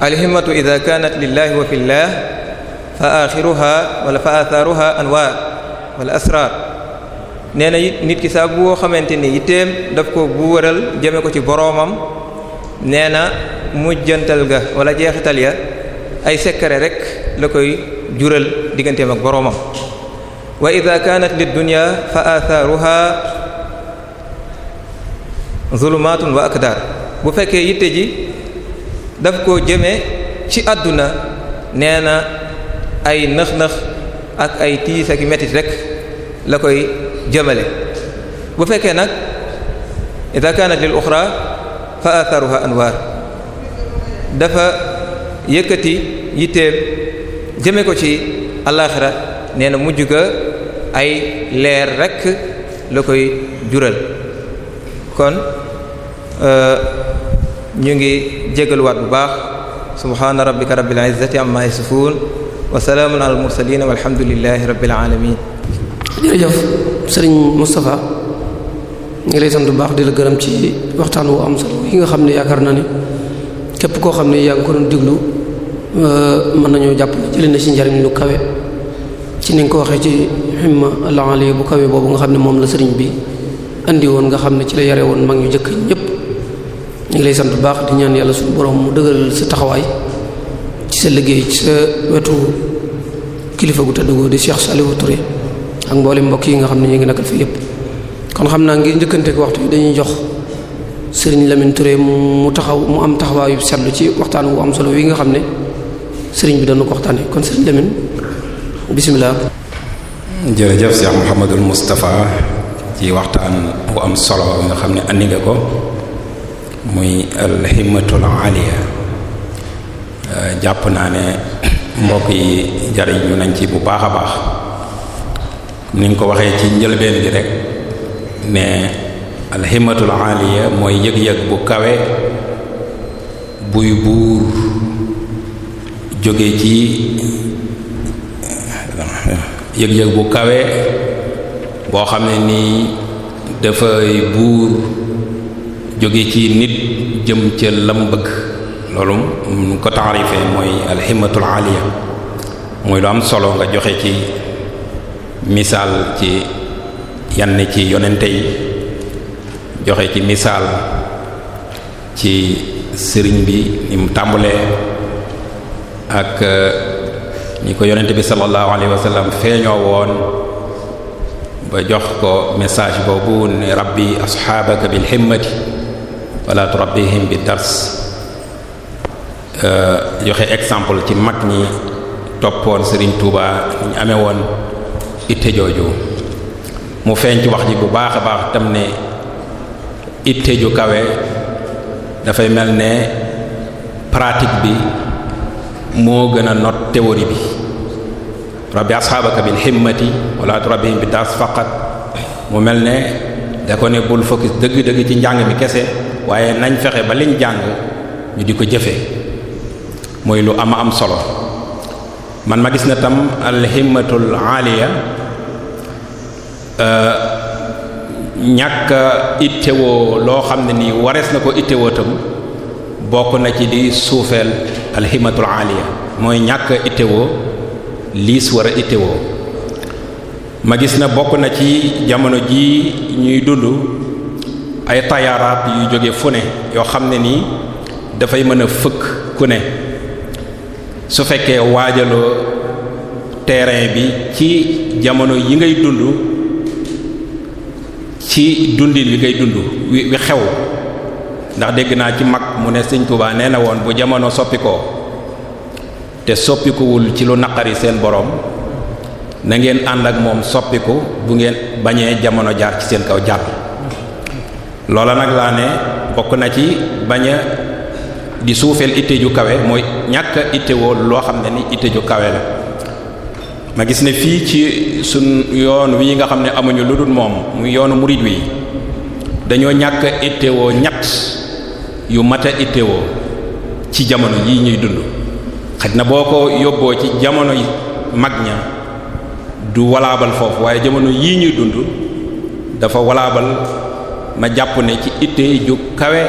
alhimmatu ida kanat lillahi wa fillah fa axiruha wala fa athaaruha anwaar wala asraar nee na nit ki saa woo xamante ni yitteem daf ko bu wëral jëme ko ci boroomam nee na mujjantal ga wala jeexital ya ay sekkare rek la koy jural digganteem ak boroomam wa ida kanat liddunya fa athaaruha zulumatun wa akdaar bu fekkee yitte ji daf koo jëme ci àdduna nee na ay nëx-nëx ak ay tiis ak metit rek la koy jëmale bu fekkee nag ida kanat lil uxra fa atharuha anwar dafa yëkkati yitteem jëme ko ci alaxira nee na mujj ga ay leer rek la koy jural kon Euh, ñu ngi jégaluwaat bu baax subhaana rabbika rabbil izzati amma yasifun wa salaamun alal mursalin walhamdulillahi rabbil alamin jërëjëf sëriñ Moustapha ñu ngi lay sant bu baax di la gërëm ci waxtaan wu am solo yi nga xam ne yaakaar naa ne képp koo xam ne yaa ngi ko doon déglu euh, mën nañoo jàpp ne na ci njariñ lu kawe ci ni nga ko waxee ci ximma bu kawe boobu nga xam ne moom la sëriñ bi andi woon nga xam ne ci la yare woon mag ñu jëkk ñëpp ngi lay sant bu baax di ñaan yàlla su borom mu dëgëral sa taxawaay ci sa liggéey ci sa wetu kilifa gu tëdd goo di Cheikh Saliou Touré ak mboolem mbokk yi nga xam ne ñu ngi nekkal fii yépp kon xam naa ngir njëkkanteeg waxtu bi dañuy jox sëriñ Lamine Touré mu taxaw mu am taxawaayu seetlu ci waxtaan wu am solo wi nga xam ne sëriñ bi doon ko waxtaanee kon sëriñ Lamine bisimilah. jërëjëf Cheikh Mouhamadul Moustapha ci waxtaan bu am solo nga xam ne andi ko. muy alhimmatul aliya jàpp naa ne mbokk yi jariñu nañ ci bu baax a baax ni nga ko waxee ci njëlbeen bi rek ne alhimmatul aliya mooy yëg-yëg bu kawe buy buur jóge ci yëg-yëg bu kawe boo xam ne nii dafay buur jóge ci nit jëm ca lam bëgg loolu mu ko taarife mooy alximatul aliya mooy lu am solo nga joxe ci misaal ci yann ci yonente joxe ci misaal ci sëriñ bi ni mu tàmbulee ak ñi euh, ko yonente bi sallallahu alayhi wa feeñoo woon ba jox ko message boobu ne rabbi asxaabaka bilhimmati wala trop bi dars euh, joxe exemple ci mag ñi toppoon Serigne Touba ñu amee woon itte mu feeñ ci wax ji bu baax a baax tam ne itte ju kawe dafay mel ne pratique bi moo gën a not théorie bi rabbi asxaabaka bil himmati wala turabbihim bi dars faqat mu mel ne da ko ne bul focus dëgg-dëgg ci njàng bi kese waaye nañ fexe ba liñ jàng ñu di ko jëfe mooy lu ama am solo man ma gis na tam alhimmatul aaliya euh, ñàkk ittewoo loo xam ne nii warees na ko ittewoo tam bokk na ci di suufeel alhimmatul aaliya mooy ñàkk ittewoo liis war a ma gis na bokk na ci jamono ji ñuy dund ay tayaaraat yu jóge fu ne yoo xam ne nii dafay mën a fëkk ku ne su fekkee waajaloo terrain bi ci jamono yi ngay dund ci dundin wi ngay dund wi xew ndax dégg naa ci mag mu ne Sëriñ Tuubaa nee na woon bu jamono soppi te soppikuwul ci lu naqari seen borom na ngeen ànd ak moom soppiku bu ngeen bañee jamono jaar ci seen kaw jàll loola nag laa ne bokk na ci bañ a di suufeel itte ju kawe mooy ñàkk a ittewoo loo xam ne ni itte ju kawe la ma gis ne fii ci sun yoon wi nga xam ne amuñu lu dul moom mu yoonu murid wi dañoo ñàkk a ittewoo ñett yu mat a ittewoo ci jamono yi ñuy dund xaj na boo ko yóbboo ci jamono yi mag ña du walaabal foofu waaye jamono yii ñuy dund dafa walaabal ma jàpp ne ci ittee ju kawe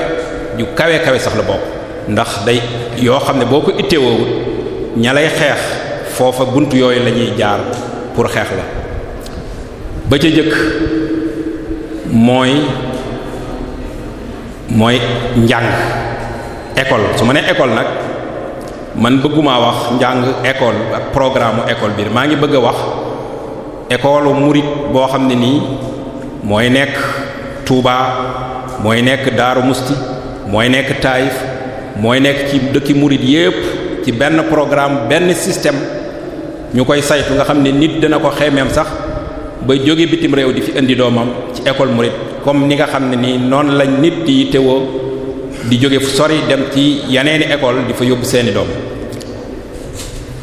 ju kawe kawe sax la bokk ndax day yoo xam ne boo ko ittee woowu ña xeex foofa bunt yooyu lañuy jaar pour xeex la ba ca jëkk mooy mooy njàng école su ma ne école nag man bëggumaa wax njàng école ak programme école bi maa ngi bëgg a wax école murid boo xam ne nii mooy nekk Touba mooy nekk Daaru Musti mooy nekk Taïf mooy nekk ci dëkki murit yépp ci benn programme benn système ñu koy saytu nga xam ne nit dana ko xeemeem sax ba jóge bitim réew di fi indi doomam ci école murit comme ni nga xam ne nii noonu lañ nit di teewoo di jóge fu sori dem ci yeneeni école di fa yóbbu seeni doom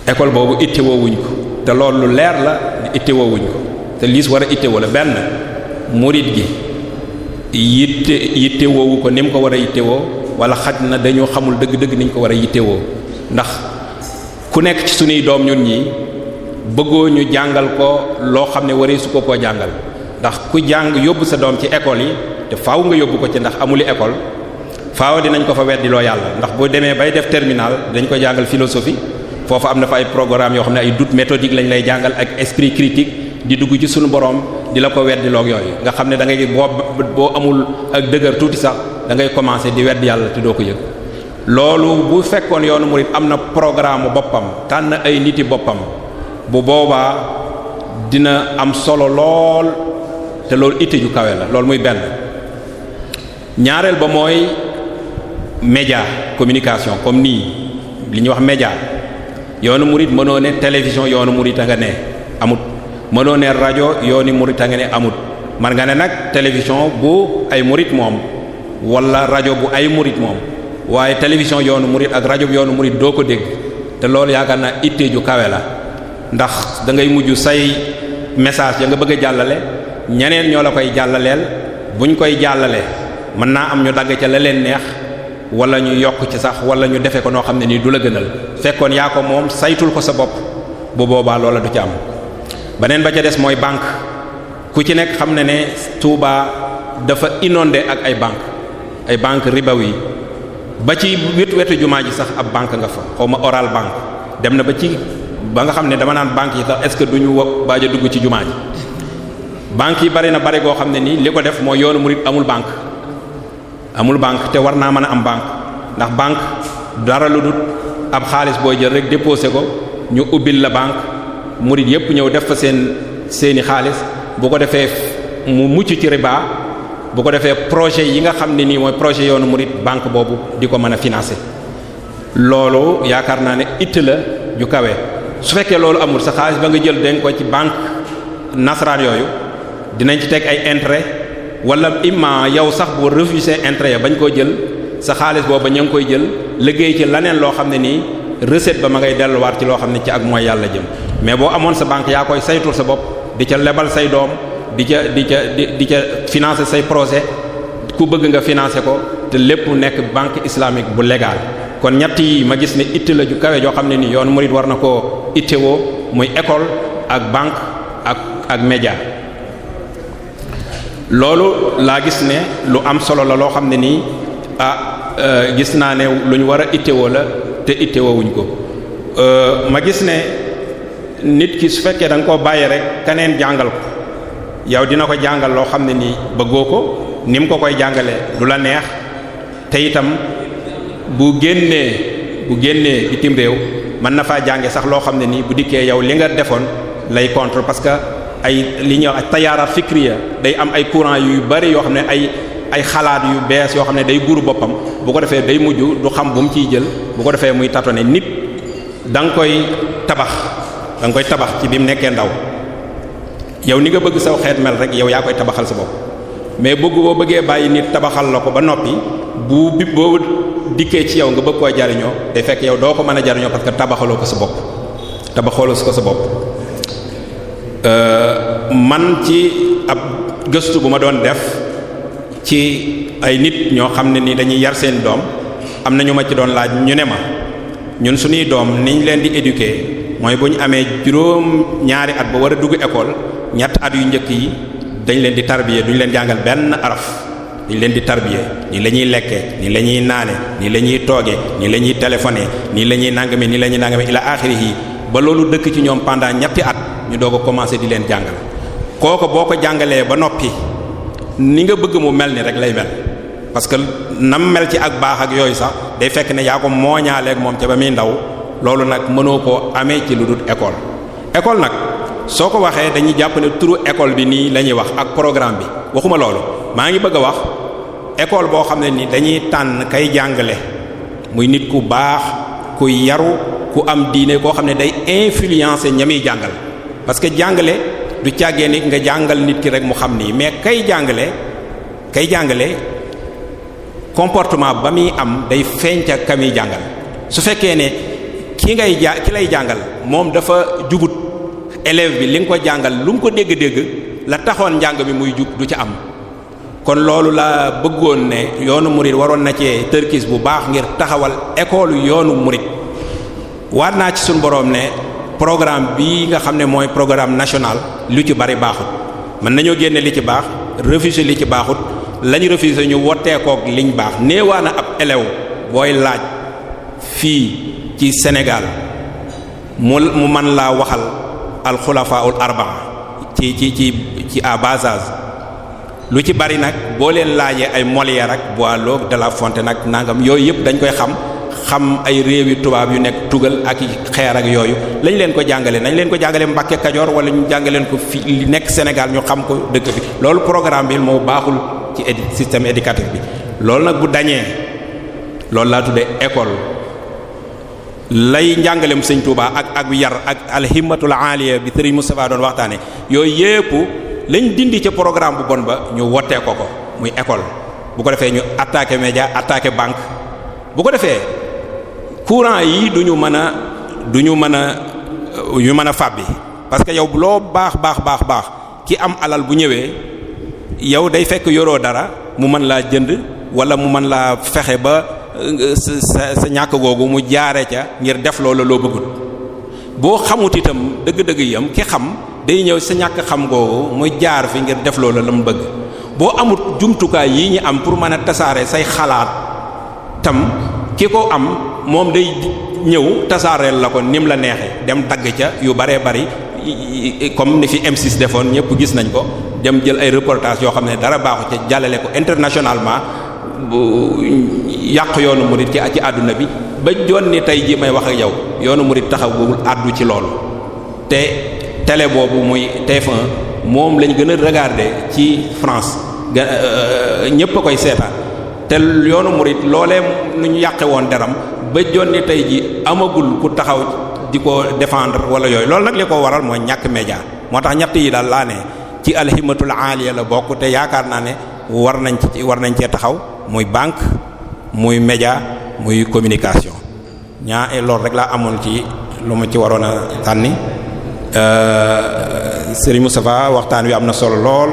école boobu ittewoo wuñ ko te loolu leer la ittewoo wuñ ko te liis war a ittewoo la benn murit gi yitte yitte woowu ko ni mu ko war a yitte woo wala xaj na dañoo xamul dëgg-dëgg niñ ko war a yitte woo ndax ku nekk ci sunuy doom ñun ñi bëggoo ñu jàngal ko loo xam ne waree su ko koo jàngal ndax ku jàng yóbbu sa doom ci école yi te faaw nga yóbbu ko ci ndax amuli école faaw dinañ ko fa weddi loo yàlla ndax boo demee bay def terminal dañ ko jàngal philosophie foofu am na fa ay programme yoo xam ne ay doute méthodique lañ lay jàngal ak esprit critique di dugg ci suñu borom di la ko weddiloog yooyu nga xam ne dangay ngay boo boo amul ak dëgër tuuti sax da ngay commencer di wedd yàlla te doo ko yëg loolu bu fekkoon yoonu murid am na programme boppam tànn ay niti boppam bu boobaa dina am solo lool te loolu itte ju kawe la loolu muy benn ñaareel ba mooy média communication comme nii li ñuy wax média yoonu murid mënoo ne télévision yoonu murid a nga ne amut mënoo ne rajo yooni murit a nga ne amut man nga ne nag télévision bu ay murit moom wala rajo bu ay murit moom waaye télévision yoonu murit ak rajo bu yoonu murit doo ko dégg te loolu yaakaar naa ittee ju kawe la ndax da ngay mujj say message ya nga bëgg jàllale ñeneen ñoo la koy jàllaleel bu ñu koy jàllale mën naa am ñu dagg ca la leen neex wala ñu yokk ci sax wala ñu defe ko noo xam ne nii du la gënal fekkoon yaa ko moom saytul ko sa bopp bu boobaa loola du ci am beneen ba ca des mooy banque ku ci nekk xam ne ne Touba dafa inondé ak ay banque ay banque ribaw yi ba ci wetu wetu jumaa ji sax ab banque nga fa xaw ma oral banque dem na ba ci ba nga xam ne dama naan banque yi sax est-ce que duñu baaj a dugg ci jumaa ji banque yi bari na bari goo xam ne nii li ko def mooy yoonu mu murid amul banque amul banque te war naa mën a am banque ndax banque dara lu dul ab xaalis booy jël rek déposé ko ñu ubbil la banque murid yépp ñëw def fa seen seeni xaalis bu ko defee mu mucc ci riba bu ko defee projet yi nga xam ne nii mooy projet yoonu murid banque boobu di ko mën a financer loolu yaakaar naa ne itte la ju kawee su fekkee loolu amul sa xaalis ba nga jël denc ko ci banque nasaraan yooyu dinañ ci teg ay intérêt wala imma yow sax bu refuser intérêt ya bañ koo jël sa xaalis booba ña ngi koy jël liggéey ci laneen loo xam ne nii recette ba ma ngay delluwaat ci loo xam ne ci ak mooy yàlla jëm mais boo amoon sa banque yaa koy saytul sa bopp di ca lebal say doom di ca di ca di di ca financer say projet ku bëgg nga financer ko te lépp nekk banque islamique bu légal kon ñett yi ma gis ne itte la ju kawe joo xam ne nii yoon murid war na koo ittewoo muy école ak banque ak ak média loolu laa gis ne lu am solo la loo xam ne nii ah euh, gis naa ne lu ñu war a ittewoo la te itte wuñ ko euh, ma gis ne nit ki su fekkee da nga koo bàyyi rek keneen jàngal ko yow dina ko jàngal loo xam ne nii bëggoo ko ni mu ko koy jàngalee du la neex te itam bu génnee bu génnee bitim réew mën na faa jànge sax loo xam ne nii bu dikkee yow li nga defoon lay contre parce que ay li ñuy wax ay tayaaraat fikriya day am ay courant yu bari yoo xam ne ay ay xalaat yu bees yoo xam ne day guru boppam bu ko defee day mujj du xam bu mu ciy jël bu ko defee muy tatone nit da koy tabax da koy tabax ci bi mu nekkee ndaw yow ni nga bëgg saw xeet mel rek yow yaa koy tabaxal sa bopp mais bëgg bëggee bàyyi nit tabaxal la ko ba noppi bu bi boo dikkee ci yow nga bëgg koo jariñoo te fekk yow doo ko mën a jariñoo parce que tabaxaloo ko sa bopp tabaxaloo ko sa bopp euh, man ci ab gëstu bu ma doon def ci ay nit ñoo xam ne ni dañuy yar seen doom am na ñu ma ci doon laaj ñu ne ma ñun suñuy doom niñ leen di éduquer mooy bu ñu amee juróom ñaari at ba war a dugg école ñett at yu njëkk yi dañ leen di tarbiye duñu leen jàngal benn araf dañ leen di tarbiye nii la ñuy lekkee nii la ñuy naane nii la ñuy toogee nii la ñuy téléphoner nii la ñuy nangame nii la ñuy nangame ila axirihi ba loolu dëkk ci ñoom pendant ñetti at ñu doog a commencer di leen jàngal kooku boo jàngalee ba noppi. ni nga bëgg mu mel ni rek lay mel parce que nam mel ci ak baax ak yooyu sax day fekk ne yaa ko mooñaaleeg moom ca ba muy ndaw loolu nag mënoo koo amee ci lu dul école école nag soo ko waxee dañuy jàpp ne turu école bi nii la ñuy wax ak programme bi waxuma loolu maa ngi bëgg a wax école boo xam ne ni dañuy tànn kay jàngale muy nit ku baax ku yaru ku am diine koo xam ne day influencer ña muy jàngal jàngale du càggee nit nga jàngal nit ki rek mu xam nii mais kay jàngale kay jàngale comportement ba muy am day feeñ ca ka muy jàngal su fekkee ne ki ngay ja ki lay jàngal moom dafa jubut élève bi li nga ko jàngal lu mu ko dégg-dégg la taxoon njàng bi muy jub du ca am kon loolu la bëggoon ne yoonu murid waroon na cee tërkis bu baax ngir taxawal école yoonu murid waat naa ci suñu boroom ne programme bi nga xam ne mooy programme national lu ci bari baaxut mën nañoo génne li ci baax refuser li ci baaxut lañu refuser ñu wotteekook liñ baax néewaana ab élève booy laaj fii ci Sénégal mu mu man laa waxal alxulafaul arba ci ci ci ci à bas lu ci bari nag boo leen laajee ay Molière ak Boileau de la Fontaine ak nangam yooyu yëpp dañ koy xam xam ay réew réewi tubaab yu nekk tugal ak xeer ak yooyu lañ leen ko jàngale nañ leen ko jàngale Mbàkke Kajoor wala ñu jàngaleen ko fi li nekk Sénégal ñu xam ko dëkk bi loolu programme bi moo baaxul ci système éducatif bi loolu nag bu dañee loolu laa tuddee école lay njàngalem sëñ Touba ak ak yar ak alhimmatul aaliya bi Serigne Moustapha doon waxtaane yooyu yépp lañ dindi ca programme bu bon ba ñu wotee ko ko muy école bu ko defee ñu attaqué média attaqué banque bu ko defee courant yi duñu ñu mën a du ñu mën a yu mën a fàbbi parce que yow loo baax baax baax baax ki am alal bu ñëwee yow day fekk yoroo dara mu mën laa jënd wala mu man laa fexe ba euh, sa sa ñàkk googu mu jaare ca ngir def loola loo bëggut boo xamut itam dëgg-dëgg yam ki xam day ñëw sa ñàkk xam googu mu jaar fi ngir def loola la mu bëgg boo amut jumtukaay yi ñu am pour mën a tasaare say xalaat ki ko am moom day ñëw tasaareel la ko nim la neexee dem tagg ca yu baree bari comme ni fi M6 defoon ñëpp gis nañ ko dem jël ay reportage yoo xam ne dara baaxu ca jàllale ko internationalement bu yàq yoonu murid ci ci àdduna bi ba joon ni tey ji may wax ak yow yoonu murid taxawul àddu ci loolu te télé boobu muy TF1 moom lañ gën a regarder ci France euh, ñëpp a koy seetaan te yoonu it loolee nu ñu yàqee woon deram ba jonni tey ji amagul ku taxaw di ko défendre wala yooyu loolu nag li ko waral mooy ñàkk média moo tax ñett yi daal laa ne ci alhimatul aaliya la bokk te yaakaar naa ne war nañ ci war nañ cee taxaw muy banque muy média muy communication ñaa eh, loolu rek laa amoon ci lu ma ci waroon a sànni euh, Serigne Moustapha waxtaan wi am na solo lool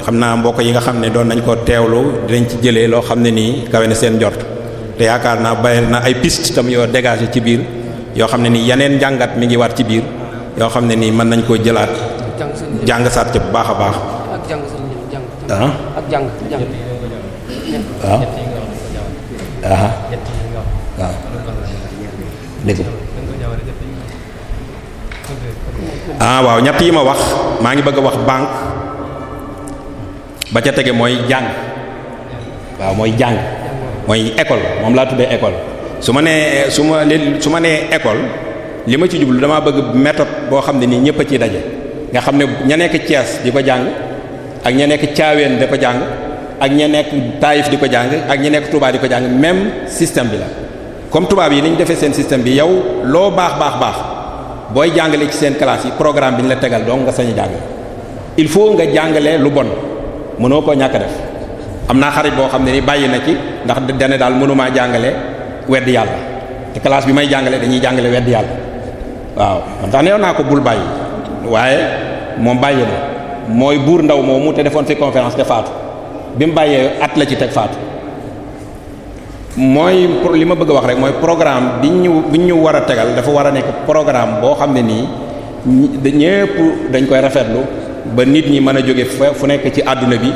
xam naa mbokk yi nga xam ne doon nañ ko teewlu dinañ ci jëlee loo xam ne nii kawe na seen njort te yaakaar naa bàyyi na ay piste tam yoo dégagé ci biir yoo xam ne nii yeneen njàngat mi ngi waat ci biir yoo xam ne nii mën nañ koo jëlaat. jàng saat ci bu baax a baax. ak jàng ah ak jàng jàng. waaw ah? Ah? Ah? ah waaw ñett yi ma wax maa ngi bëgg a wax banque. ba ca tege mooy jàng waaw mooy jàng mooy école moom laa tuddee école su ma nee su ma leen su ma nee école li ma ci jublu damaa bëgg méthode boo xam ne nii ñëpp a ciy daje nga xam ne ña nekk Thiès di ko jàng ak ña nekk Thiawén di ko jàng ak ña nekk Taïf di ko jàng ak ña nekk Touba di ko jàng même système bi la comme tubaab yi ni defee seen système bi yow loo baax baax baax booy jàngale ci seen classe yi programme bi ñu la tegal donc nga sañ jàng il faut nga jàngale lu bon. mënoo koo ñàkk def am naa xarit boo xam ne ni bàyyi na ci ndax dane daal mënumaa jàngale wedd yàlla te classe bi may jàngale dañuy jàngale wedd yàlla waaw ndax neew naa ko bul bàyyi waaye moom bàyyi na mooy buur ndaw moomu te defoon fi conférence te faatu bi mu bàyyee at la ci teg faatu mooy li ma bëgg a wax rek mooy programme bi ñu bi ñu war a tegal dafa war a nekk programme boo xam ne nii ñépp dañ koy rafetlu ba nit ñi mën a jóge fu nekk ci àdduna bi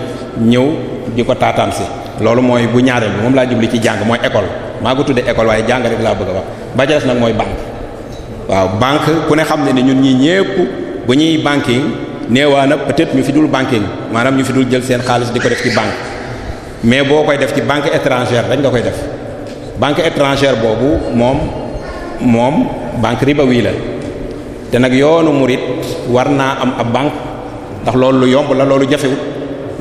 ñëw di ko taataan si loolu mooy bu ñaareel bi moom laa jubli ci jàng mooy école maa ko tuddee école waaye jàng rek laa bëgg a wax ba nag mooy banque waaw banque ku ne xam ne ne ñun ñi ñépp bu ñuy banking neewaana peut-être ñu fi dul banking maanaam ñu fi dul jël seen xaalis di ko def ci banque mais boo koy def ci banque étrangère dañ nga koy def banque étrangère boobu moom moom banque riba wii la te nag yoonu murit banque ndax loolu lu yomb la loolu jafewut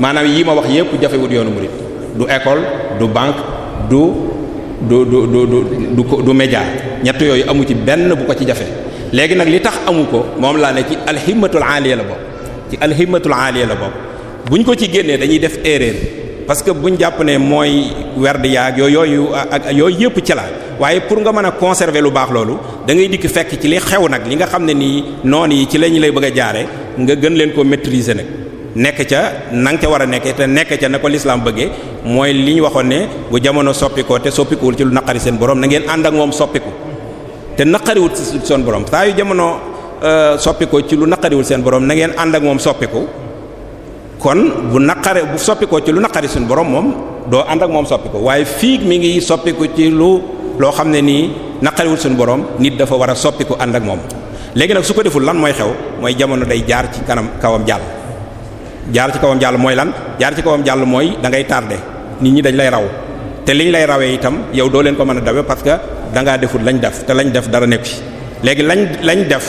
maanaam yi ma wax yépp jafewut yoonu murid du école du banque du du du du du du média ñett yooyu amu ci benn bu ko ci jafe léegi nag li tax amu ko moom laa ne ci alhimmatul aliya la bopp ci alhimmatul aliya la bopp buñ ko ci génnee dañuy def erreur parce que ñu jàpp ne mooy werd yaag yooyu yooyu ak yooyu yëpp ci la waaye pour nga mën a conserver lu baax loolu da ngay dikk fekk ci li xew nag li nga xam ne nii noon yi ci lañu lay bëgg a jaare nga gën leen ko maîtriser nag nekk ca na nga ca war a nekkee te nekk ca na ko lislaam bëggee mooy li ñu waxoon ne bu jamono soppikoo te soppikuwul ci lu naqari seen borom na ngeen ànd ak moom soppiku te naqariwul ci borom saa yu jamono euh, soppikoo ci lu naqariwul seen borom na ngeen ànd ak moom soppiku kon bu naqare bu soppikoo ci lu naqari suñu borom moom doo ànd ak moom soppiku waaye fii mi ngi soppiku ci lu loo xam ne nii naqariwul suñu borom nit dafa war a soppiku ànd ak moom. léegi nag su ko deful lan mooy xew mooy jamono day jaar ci kanam kawam jàll jaar ci kawam jàll mooy lan jaar ci kawam jàll mooy da ngay tardé nit ñi dañ lay raw te liñ lay rawee itam yow doo leen ko mën a dawe parce que da ngaa deful lañ def te lañ def dara nekk ci léegi lañ lañ def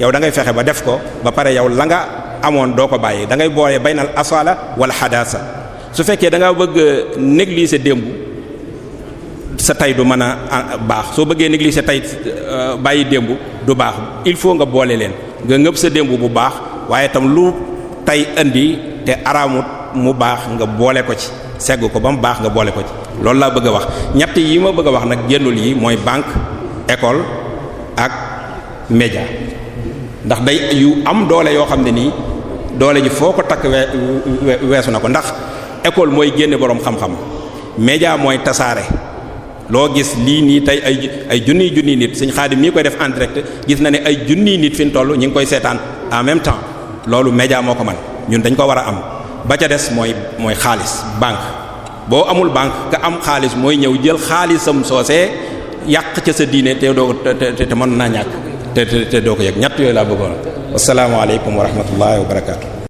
yow da ngay fexe ba def ko ba pare yow la nga amoon doo ko bàyyi da ngay boolee baynal asala wala xadaasa su fekkee da ngaa bëgg négliger démb sa tey du mën a baax soo bëggee négliger sa tay euh, bàyyi démb du baax il faut nga boole leen nga ngëb sa démb bu baax waaye tam lu tey indi te araamut mu baax nga boole ko ci segg ko ba mu baax nga boole ko ci loolu laa bëgg a wax ñett yi ma bëgg a wax nag génnul yi mooy banque école ak média ndax day yu am doole yoo xam ne nii doole ji foo ko takk weesu na ko ndax école mooy génne boroom xam-xam média mooy tasaare loo gis lii nii tey ay ay junniy junniy nit suñ xaadim mii koy def en gis na ne ay junniy nit fi ñu toll ñu ngi koy seetaan en même temps loolu média moo ko man ñun dañ ko war a am ba ca des mooy mooy xaalis banque boo amul banque nga am xaalis mooy ñëw jël xaalisam soose yàq ca sa diine te doo te te mën naa ñàkk te te doo ko yëg ñett yooyu laa bëggoon asalaamaaleykum wa rahmatullahi wa barakatu